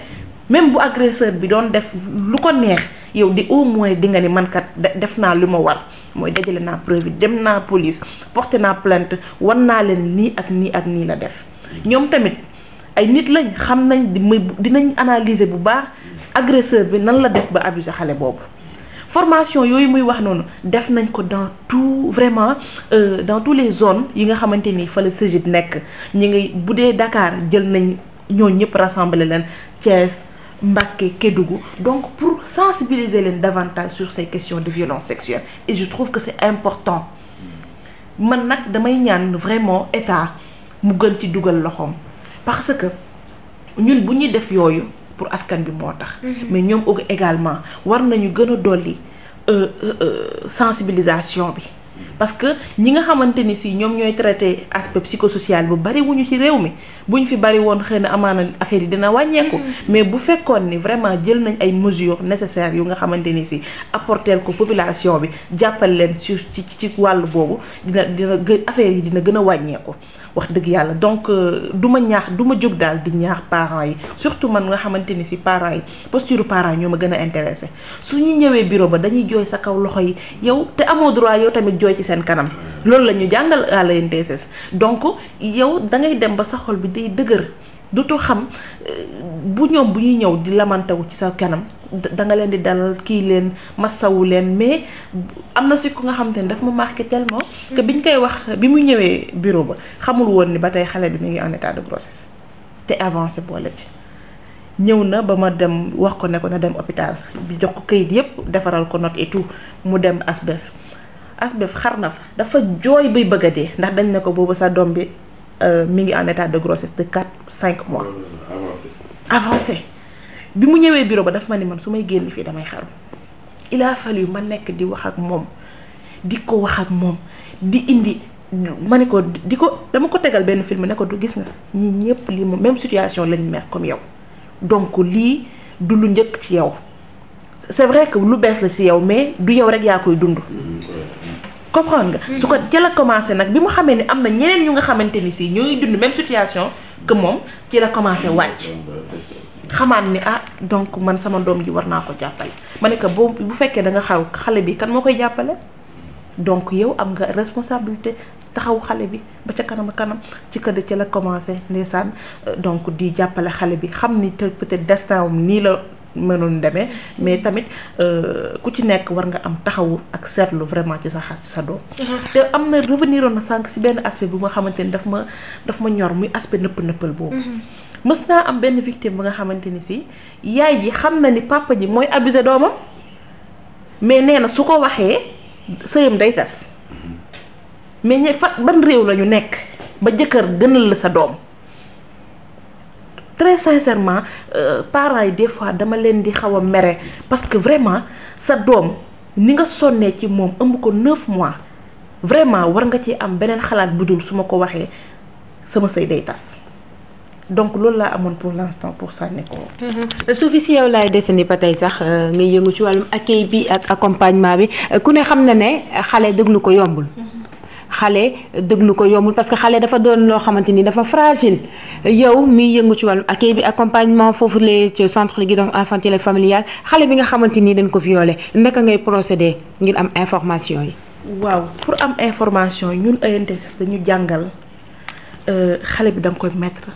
même bu agresseur bi doon def lu ko neex yow di au moins di nga ni man def naa lu ma war mooy dajale naa preuve yi dem naa police porté naa plainte war naa leen nii ak nii ak nii la def ñoom tamit ay nit lañ xam nañ dinañ analyser bu baax agresseur bi nan la def ba abusé xale boobu formation yooyu muy wax noonu def nañ ko dans tout vraiment euh, dans tous les zones yi nga xamante ni fa la CEGID nekk ñi ngi bu dee dakaar jël nañ ñoo ñëpp rassembler leen Thiès Mbacké Kédougou donc pour sensibiliser leen davantage sur ces question de violence sexuelle et je trouve que c'est important man nag damay ñaan vraiment état mu gën ci dugal loxoom parce que ñun bu ñuy def yooyu pour askan bi moo tax mhm. mais ñoom également war nañu gën a dolli euh, euh, euh, sensibilisation bi parce que ñi nga xamante ni si ñoom ñooy traité aspect psychosocial bu bari wuñu ci réew mi buñ fi bari woon xëy na amaana affaire yi dina wàññeeku. Mhm. mais bu fekkoon ni vraiment jël nañ ay mesures nécessaires yu nga xamante ni si apporter ko population bi jàppal leen ci ci ci wàll boobu dina dina gë affaire yi dina gën a wàññeeku. wax dëgg yàlla donc euh, du ma ñaax du ma jóg daal di ñaax parents yi surtout man nga xamante ni si parent yi posture parents yi ñoo ma gën a su suñu ñëwee bureau ba dañuy jooy sa kaw loxo yi yow te amoo droit yow tamit jooy ci seen kanam loolu la ñu jàngal à l'ENTSS donc yow da ngay dem ba sa xol bi day dëgër dutu xam euh, bu ñoom bu ñuy ñëw di lamantawu ci sa kanam da nga leen di dalal kii leen ma sawu leen mais am na si ku nga xam ne daf ma marqué tellement mm-hmm. bi ñu koy wax bi mu ñëwee bureau ba xamul woon ni ba tey xale bi mu ngi en état de grossesse te avancé boole ci ñëw na ba ma dem wax ko ne ko na dem hôpital bi jox ko kayit yépp defaral ko note et mu dem asbef asbef xar na fa dafa jooy bay bëgg dee ndax dañ ne ko boobu sa doom bi Euh, mi ngi en état de grossesse de quatre cinq mois. avancé bi mu ñëwee bureau ba dafa ma ni man su may génn fii damay xaru il a fallu ma nekk di wax ak moom di ko wax ak moom di indi ma ne ko di ko dama ko tegal benn film ne ko du gis nga ñi ñëpp lii moom même situation lañ mer comme yow donc lii du lu njëkk ci yow c'est vrai que lu bees la ci yow mais du yow rek yaa koy dund. Mm-hmm, comprendre nga. Mm-hmm. su ko jël a commencé nag bi mu xamee ni am na ñeneen ñu nga xamante ni si ñooy dund même situation que moom ci la commencé wàcc. xamaat ni ah donc man sama doom ji war naa ko jàppale ma ne que boo bu fekkee da nga xaw xale bi kan moo koy jàppale donc yow am nga responsabilité taxaw xale bi ba ca kanam kanam ci kër ci la commencé ndeysaan euh, donc di jàppale xale bi xam ni te peut-être destin am nii la. mënoon demee mais tamit euh, ku ci nekk war nga am taxawu ak seetlu vraiment ci sa xaas ci sa doom. Uh-huh. te am na revenir oon na sànq si benn aspect bu ma xamante ni daf ma ma ñor muy aspect nëpp nëppal boobu. Uh-huh. mës naa am benn victime bu nga xamante ni si yaay ji xam na ni papa ji mooy abusé doomam mais nee na su ko waxee sëyam day tas uh-huh. mais ñe fa ban réew la ñu nekk ba jëkkër gënal la sa doom. très sincèrement euh, parents yi des fois dama leen di xaw mere parce que vraiment sa doom ni nga sonnee ci moom ëmb ko neuf mois vraiment war nga ci am beneen xalaat bu dul su ma ko waxee sama sëy day tas donc loolu laa amoon pour l'instant pour sànni ko. Mm-hmm. suuf si yow laay desandi ba tey sax euh, nga yëngu ci wàllum accueil bi ak accompagnement bi euh, ku ne xam ne ne xale déglu ko yombul. Mm-hmm. xale déglu ko yombul parce que xale dafa doon loo xamante ni dafa fragile yow miy yëngu ci wàllum accueil bi accompagnement foofu le ci centre guidance infantile et familiale xale bi nga xamante nii dañ ko violé naka ngay procéder ngir am information yi. waaw pour am information ñun ENTSS dañu jàngal euh, xale bi da nga koy mettre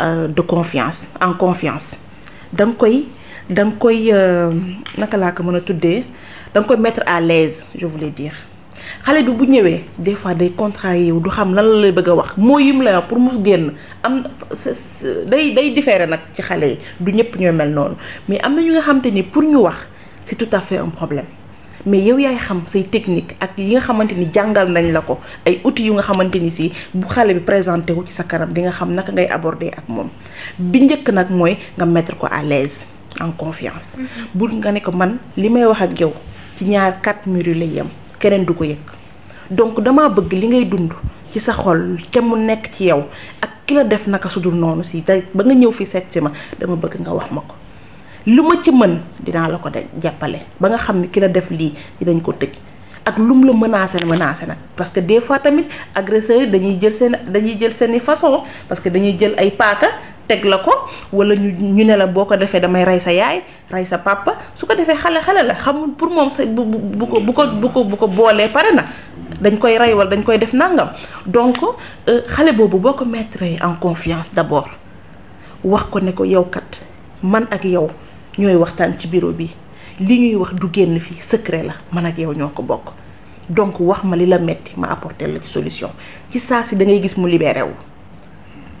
euh, de confiance en confiance da koy da nga koy euh, naka laa ko mën a tuddee da nga koy mettre à l'aise je voulais dire. xale bi bu ñëwee des fois day contrarié wu du xam lan la lay bëgg a wax moo yim la wax pour mu génn am day day différé nag ci xale yi du ñëpp ñoo mel noonu mais am na ñu nga xam te ni pour ñu wax c'est tout à fait un problème mais yow yaay xam say technique ak yi nga xamante ni jàngal nañ la ko ay outils yu nga xamante ni si bu xale bi présenté wu ci sa kanam di nga xam naka ngay aborder ak moom bi njëkk nag mooy nga mettre ko à l'aise en confiance. Mm-hmm. bu nga ne ko man li may wax ak yow ci ñaar quatre murs yi lay yem. keneen du ko yëg donc dama bëgg li ngay dund ci sa xol te mu nekk ci yow ak ki la def naka su dul noonu si day ba nga ñëw fi seet si ma dama bëgg nga wax ma ko lu ma ci mën dinaa la ko de jàppale ba nga xam ne ki la def lii dinañ ko tëj ak lum la menacé menacé nag parce que des fois tamit agresseurs dañuy jël seen dañuy jël seeni façon parce que dañuy jël ay paaka teg la ko wala ñu ñu ne la boo ko defee damay rey sa yaay rey sa papa su ko defee xale xale la xamul pour moom sa bu bu ko bu ko bu ko bu ko boolee pare na dañ koy rey wala dañ koy def nangam donc euh, xale boobu boo ko mettre en confiance d'abord wax ko ne ko yow kat man ak yow ñooy waxtaan ci bureau bi li ñuy wax du génn fii secret la man ak yow ñoo ko bokk donc wax ma li la metti ma apporter la solution ci saa si da ngay gis mu libéré wu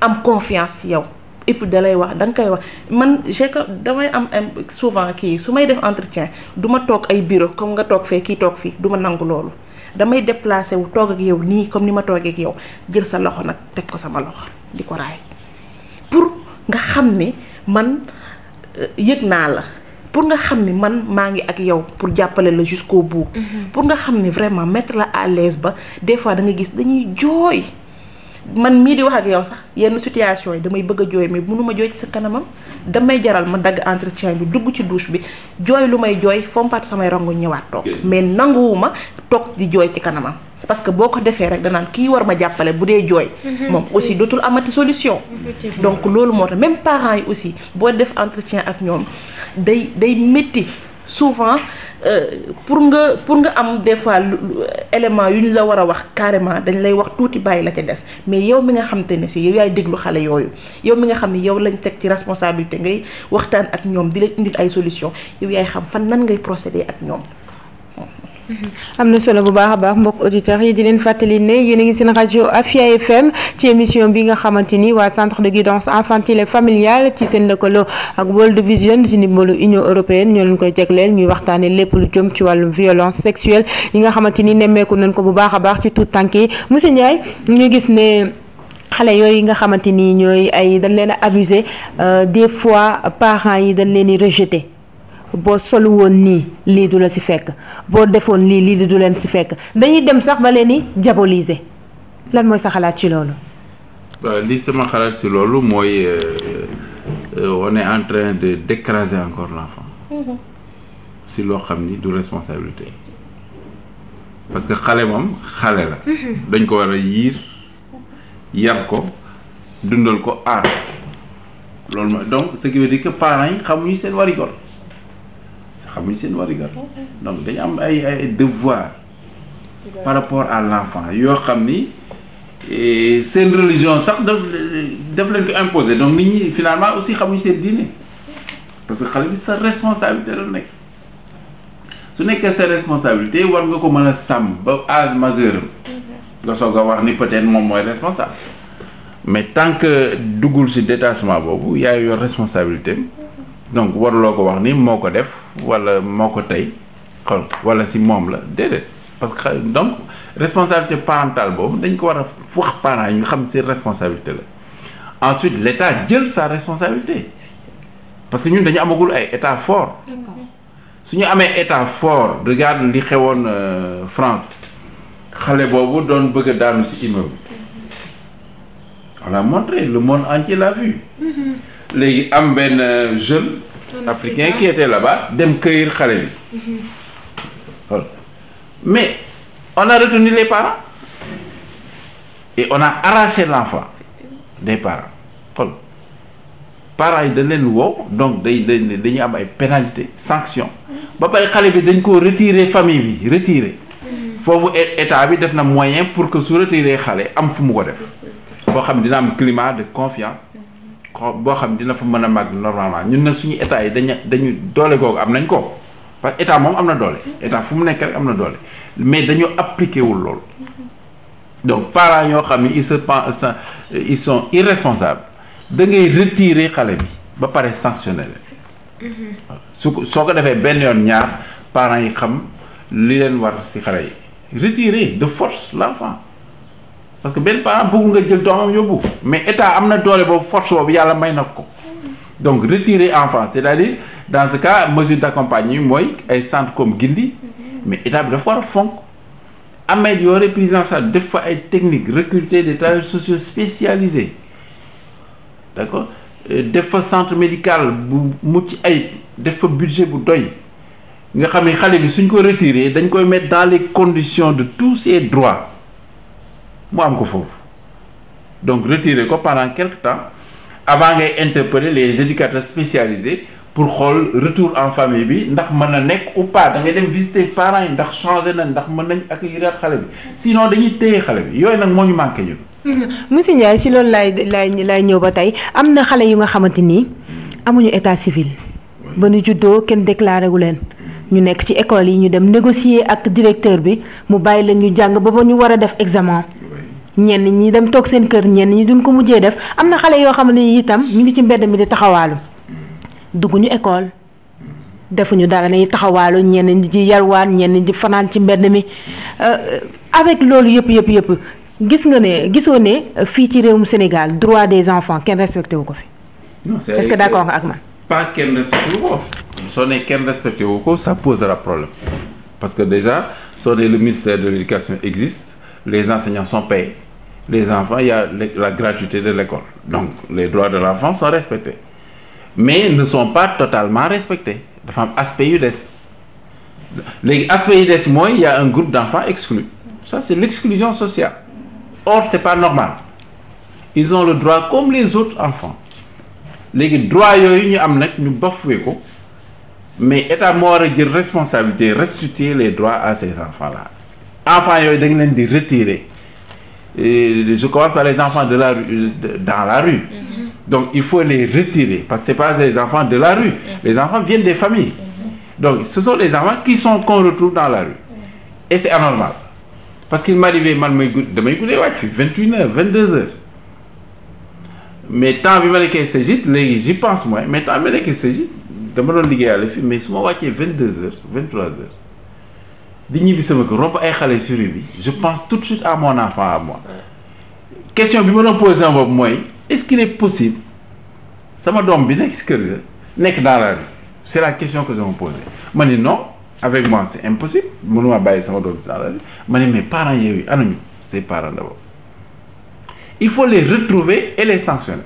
am confiance ci yow. et puis dalay wax danga koy wax man j'ai damay am souvent kii su may def entretien duma ma toog ay bureau comme nga toog fee kii toog fii duma nangu loolu damay déplacé wu toog ak yow nii comme ni ma toogee ak yow jël sa loxo nag teg ko sama loxo di ko raay pour nga xam ni man euh, yëg naa la pour nga xam ni man maa ngi ak yow pour jàppale la jusqu'au bout mm-hmm. pour nga xam ni vraiment mettre la à l'aise ba des fois da nga gis dañuy jooy man mii di wax ak yow sax yenn situation yi damay bëgg jooy mais mënuma jooy ci sa kanamam damay jaral ma dagg entretien bi dugg ci douche bi jooy lu may jooy fompat samay rangu ñëwaat toog mais nanguwuma toog di jooy ci kanamam parce que boo ko defee rek danaan kii war ma jàppale bu dee jooy mhm, moom aussi dootul amati solution donc loolu moo tax même parents yi aussi boo def entretien ak ñoom day day métti souvent Euh, pour nga pour nga am des fois élément yu ñu la war a wax carrément dañ lay wax tuuti bàyyi la ca des mais yow mi nga xam te ne si yow yaay déglu xale yooyu yow mi nga xam ni yow lañ teg ci responsabilité ngay waxtaan ak ñoom di leen indil ay solution yow yaay xam fan nan ngay procéder ak ñoom Mm-hmm. am na solo bu baax a baax mbokk auditeurs yi di leen fàttali ne yéen ngi seen rajo Afia FM ci émission bi nga xamante ni waa centre de guidance infantile et familiale ci seen lëkkaloo ak World Vision si ndimbalu Union européenne ñoo leen koy jagleel ñuy waxtaane lépp lu jëm ci wàllum violence sexuelle yi nga xamante ni nemmeeku nañ ko bu baax a baax ci tout tànk yi monsieur Ndiaye ñu gis ne. xale yooyu nga xamante ni ñooy ay dañ leen a abusé euh, des fois parents yi dañ leen di rejeté boo solu woon nii lii du la ci fekk boo defoon lii lii du leen ci fekk dañuy dem sax ba leen di diaboliser lan mooy sa xalaat ci loolu. waaw lii sama xalaat ci loolu mooy euh, euh, on est de d'écraser encore l'enfant mhm. loo xam ni du responsabilité parce que xale moom xale la. Mhm. dañ ko war a yiir yar ko dundal ko aar loolu mooy donc ce qui veut yi xamuñu seen warigoor xamuñ seen warigar donc dañu am ay ay par rapport à l'enfant yoo xam ni eh, seen religion sax daf daf leen ko imposer donc nit ñi finalement aussi xamuñ seen diine parce que xale bi sa responsabilité la nekk su nekkee sa responsabilité war nga ko mën a sàmm ba âge majeur nga soog a wax ni peut-être moom mooy responsable mais tant que duggul ci détachement boobu yaay yor responsabilité donc waruloo ko wax ni moo ko def wala moo ko tey xol wala si moom la déedéet parce que donc responsabilité parentale boobu dañ ko war a wax parent yi nga xam seen responsabilité la ensuite l' état jël sa responsabilité parce que ñu dañu amagul ay état fort su ñu amee état fort regarde li xewoon euh, France xale boobu doon bëgg a daanu si immeuble on l'a le monde entier l'a vu mm-hmm. léegi am benn euh, jeune africain qui était là-bas dem cueillir xale bi mais on a retenu les parents et on a arraché l'enfant des parents xool parents yi dañ leen woow donc day dañ dañuy am ay pénalité sanction ba pare xale bi dañ koo retirer famille bi retirer foofu état bi def na moyen pour que su retirer xale am fu mu ko def foo xam dina am climat de confiance boo xam dina fa mën a màgg normalement ñun nag suñu état yi dañu dañu doole googu am nañ ko parce que état moom am na doole état fu mu nekk rek am na doole mais dañoo appliqué wul loolu donc parents yoo xam ne ils se pensent ils sont irresponsables da ngay retirer xale bi ba pare sanctionné leen su soo ko defee benn yoon ñaar parent yi xam li leen war ci xale yi retirer de force l'enfant parce que benn parent bëggu nga jël doomam yóbbu mais état am na doole boobu force boobu yàlla may na ko donc retirer enfant c'est-à-dire dans ce cas mesure d'accompagnement mooy ay centre comme Gindi mais état bi dafa war a fonk améliorer prise def fa ay technique recruter des travailleurs sociaux spécialisés d'accord euh, def fa centre médical bu mu mucc ay def fa budget bu doy nga xam ne xale bi suñ ko retirer dañ koy mettre dans les conditions de tous ses droits mu am ko foofu donc retirer ko pendant quelque temps avant ngay interpeller les éducateurs spécialisés pour xool retour en famille bi ndax mën na nekk u pas da dem visiter parents yi ndax changé na ndax mën nañ accueillir xale bi sinon dañuy téye xale bi yooyu nag moo ñu manqué ñun. monsieur Ndiaye si loolu laay laay laay ñëw ba tey am na xale yu nga xamante ni amuñu état civil. ba ñu juddoo kenn déclaré wu leen. ñu nekk ci école yi ñu dem négocier ak directeur bi mu bàyyi leen ñu jàng ba ba ñu war a def examen. ñenn ñi dem toog seen kër ñenn ñi duñ ko mujjee def am na xale yoo xam ne itam ñu ngi ci mbedd mi di taxawaalu dugg ñu école defuñu dara nañu taxawaalu ñenn ñi di yalwaan ñenn ñi di fanaan ci mbedd mi euh, avec loolu yëpp yëpp yëpp gis nga ne gisoo ne fii ci réewum Sénégal droit des enfants kenn respecté wu ko fi. est que d'accord nga ak man. pas kenn respecté kenn respecté wu ko ça posera problème parce que déjà soo ne lu ministère de l'éducation existe les enseignants sont payés. les enfants, il la gratuité de l'école. Donc, les droits de l'enfant sont respectés. Mais ne sont pas totalement respectés. Dafa am aspect yu des léegi aspect yu des mooy il un groupe d'enfants exclus. Ça, c'est l'exclusion sociale. Or, c'est pas normal. Ils ont le droit comme les autres enfants. léegi droits yooyu ñu am nag ñu bafoué ko mais état moo war a jël responsabilité restituer les droits à ces enfants là enfants yooyu dañ leen di retirer. et je commence par les enfants de la rue, euh, de, dans la rue. Mm -hmm. Donc il faut les retirer parce que par pas les enfants de la rue. Mm -hmm. Les enfants viennent des familles. Mm-hmm. Donc ce sont les enfants qui sont qu'on retrouve dans la rue. Mm-hmm. Et c'est anormal. Parce qu'il m'arrivait man may gud damay guddee wàcc vingt une heures vingt deux heures mais temps bi ma nekkee Ségite léegi j'y pense moins mais temps bi ma nekkee Ségite dama doon liggéeyal fi mais su ma wàccee vingt deux heures vingt di ñibbi sama kër romb ay xale sur bi je pense tout de suite à mon enfant à question bi ma doon posé sama bopp mooy est-ce qu'il est possible sama doom bi nekk si kër ga nekk dans la rue c'est la question que je me man ma ni non avec moi c'est impossible mënuma bàyyi sama doom bi dans la rue ma ni mes parents yooyu anañu ces parents d'abord il faut les retrouver et les sanctionner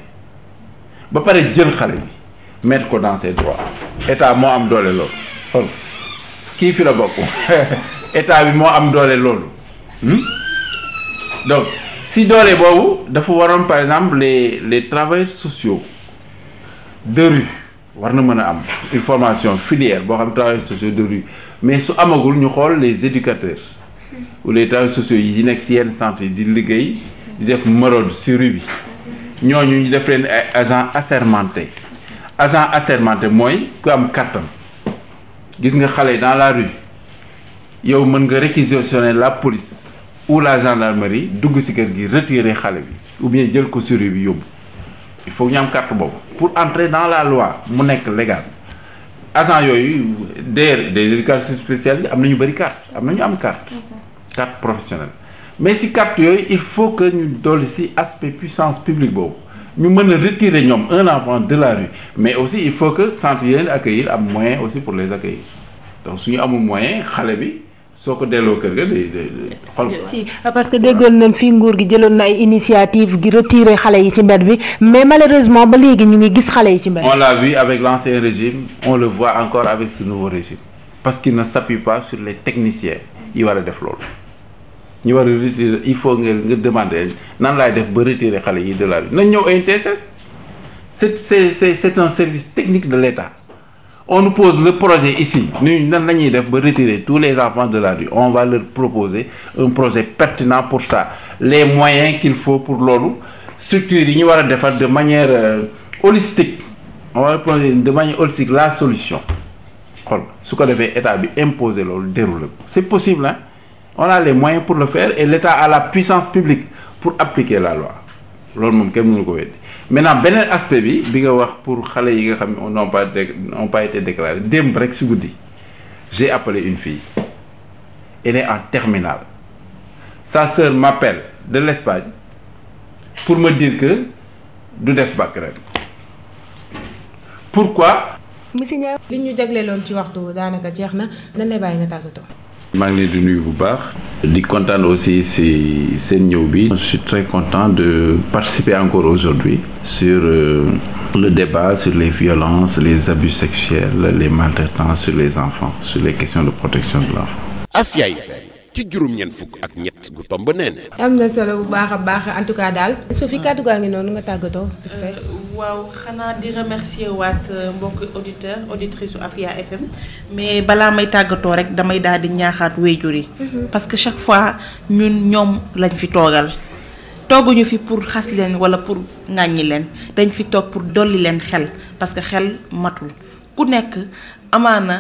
ba pare jël xale bi mettre ko dans ses droits état moo am doole loolu kii fi la bokk état bi moo am doole loolu hmm? donc si doole boobu dafa waroon par exemple les les travailleurs sociaux de rue war na mën a am une formation filière boo xam travailleurs sociaux de rue mais su amagul ñu xool les éducateurs ou les travailleurs sociaux yi nekk si yenn centre yi di liggéey di def maraude si bi ñooñu ñu def leen ay agent assermenté agent assermenté mooy ku am kattan gis nga xale yi dans la rue yow mën nga réquisitionner la police ou la gendarmerie dugg ci kër gi retirer xale bi ou bien jël ko suri bi yóbbu il faut ñu am carte boobu pour entrer dans la loi mu nekk légal agent yooyu d'ailleurs des éducations spécialisées am na ñu bëri carte am na ñu am carte carte professionnelle mais ci carte yooyu il faut que ñu dolli ci aspect puissance publique boobu ñu mën na retirer ñoom un enfant de la rue mais aussi il faut que centre yi leen accueillir am moyen aussi pour les accueillir donc suñu amul moyen xale bi soo ko delloo kër ga day day xol si parce que déggoon nañ fii nguur gi jëloon na ay initiative gi retirer xale yi ci mbedd bi mais malheureusement ba léegi ñu ngi gis xale yi ci mbedd on l'a vu avec l'ancien régime on le voit encore avec ce nouveau régime parce qu'il ne s'appuie pas sur les techniciens yi war a def loolu ñu war a retirer il faut nga nga demande nan laay def ba retirer xale yi de la rue nañ ñëw INTSS c'est c'est c'est un service technique de l'État on nous pose le projet ici ñu nan la ñuy def ba retirer tous les enfants de la rue on va leur proposer un projet pertinent pour ça les moyens qu'il faut pour loolu structures yi ñu war a defar de manière euh, holistique on va proposer de manière holistique la solution xool su ko defee état bi imposer loolu déroulé c'est possible hein on a les moyens pour le faire et l'État a la puissance publique pour appliquer la loi loolu moom kenn mënu ko weddi maintenant beneen aspect bi bi nga wax pour xale yi nga xam ne n'ont pas n'ont pas été déclarés démb rek si guddi j'ai appelé une fille elle est en terminale sa sœur m'appelle de l'Espagne pour me dire que du def bac ren pourquoi. monsieur Ndiaye. li ñu jagleeloon ci waxtu daanaka jeex na nan lay bàyyi nga tàggatoo. maa ngi leen di nuyu bu baax di kontaan aussi si seen ñëw bi je suis très content de participer encore aujourd'hui sur euh, le débat sur les violences les abus sexuels les maltraitances sur les enfants sur les questions de protection de l'enfant Afia FM ci juróom ñeent fukk ak ñett gu tomb nee na am na solo bu baax a baax en tout cas daal su fi kàddu gaa ngi noonu nga tàggatoo waaw xanaa di remercier waat euh, mbokki auditeur auditrice su Afia FM mais balaa may tàggatoo rek damay daal di ñaaxaat wéyjur yi mhm. parce que chaque fois ñun ñoom lañ fi toogal tooguñu fi pour xas leen wala pour ŋàññi leen dañ fi toog pour dolli leen xel parce que xel matul ku nekk amaana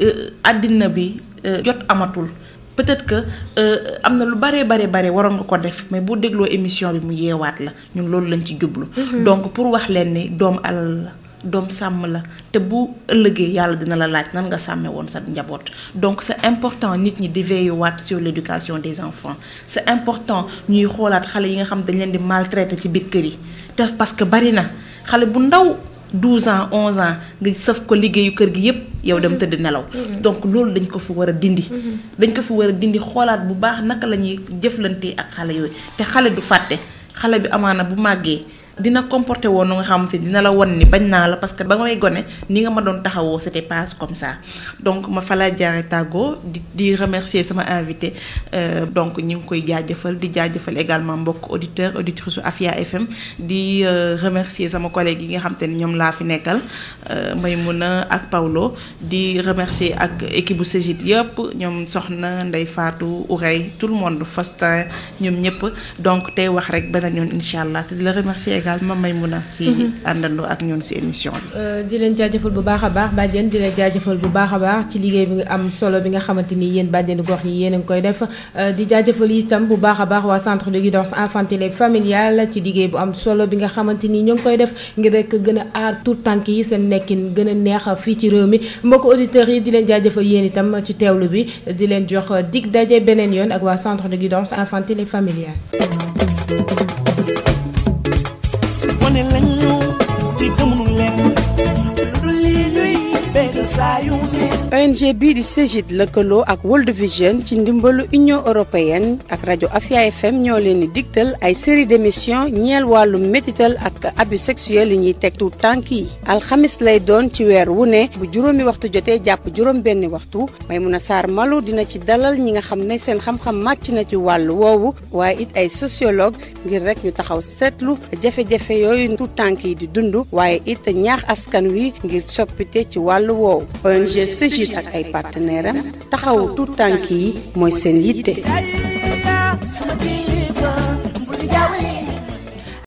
euh, àddina bi euh, jot amatul peut-être que euh, am na lu bare bare bare waroon nga ko def mais bu dégloo émission bi mu yeewaat la ñun loolu lañ ci jublu. Mm-hmm. donc pour wax leen ni doom alal la doom sàmm la te bu ëllëgee yàlla dina la laaj nan nga sàmme woon sa njaboot. donc c'est important nit ñi di veillewaat sur l'éducation des enfants c'est important ñuy xoolaat xale yi nga xam dañ leen di maltraiter ci biir kër yi te parce que bari na xale bu ndaw 12 ans 11 ans ngi sëf ko liggéeyu kër gi yépp yow dem tëdd nelaw mhm. donc loolu dañ ko fi war a dindi mhm. dañ ko fi war a dindi xoolaat bu baax naka la ñuy jëflante ak xale yooyu te xale du fàtte xale bi amaana bu màggee dina comporté woon nga xam si dina la won ni bañ naa la parce que ba ngay gone ni nga ma doon taxawoo c'était pas comme ça donc ma fa laa jaare tàggoo di di remercier sama invité euh, donc ñu ngi koy jaajëfal di jaajëfal également mbokk auditeurs auditrice su Afia FM di euh, remercier sama collègue yi nga xam xamante ni ñoom laa fi nekkal may euh, Maymouna ak pawlo di remercier ak équipe bu Ségit yëpp ñoom Soxna Ndey faatu Ourey tout le monde Faustin ñoom ñëpp donc tey wax rek beneen yoon incha allah la remercier également Maymouna ci mhm. àndandoo ak ñoon ci émission bi. Euh, di leen jaajëfal bu baax a baax bàjjen di leen jaajëfal bu baax a baax ci liggéey bi am solo bi nga xamante ni yéen bàjjenu gox yi yéen a ngi koy def euh, di jaajëfal itam bu baax a baax waa centre de guidance infantile et familiale ci liggéey bu am solo bi nga xamante ni ñoo ngi koy def ngir rek gën a aar tout tànk yi seen nekkin gën a fii ci réew mi mbokk auditeurs yi di leen jaajëfal yéen itam ci teewlu bi di leen jox dig daje beneen yoon ak waa centre de guidance infantile et familiale saa yu ne ONG bii di Ségid lëkkaloo ak World Vision ci ndimbalu Union européenne ak rajo Afia FM ñoo leen di digtal ay série d'émissions ñeel wàllu métital ak abus sexuel yi ñuy teg tuut tànk yi alxamis lay doon ci weer wu ne bu juróomi waxtu jotee jàpp juróom benni waxtu Maymuna Sarr Malo dina ci dalal ñi nga xam ne seen xam-xam màcc na ci wàllu woowu waaye it ay sociologue ngir rek ñu taxaw seetlu jafe-jafe yooyu tuut tànk yi di dund waaye it ñaax askan wi ngir soppite ci wàllu woowu Mourchid ak ay partenaire am taxawu tuut tànk yi mooy seen yitte.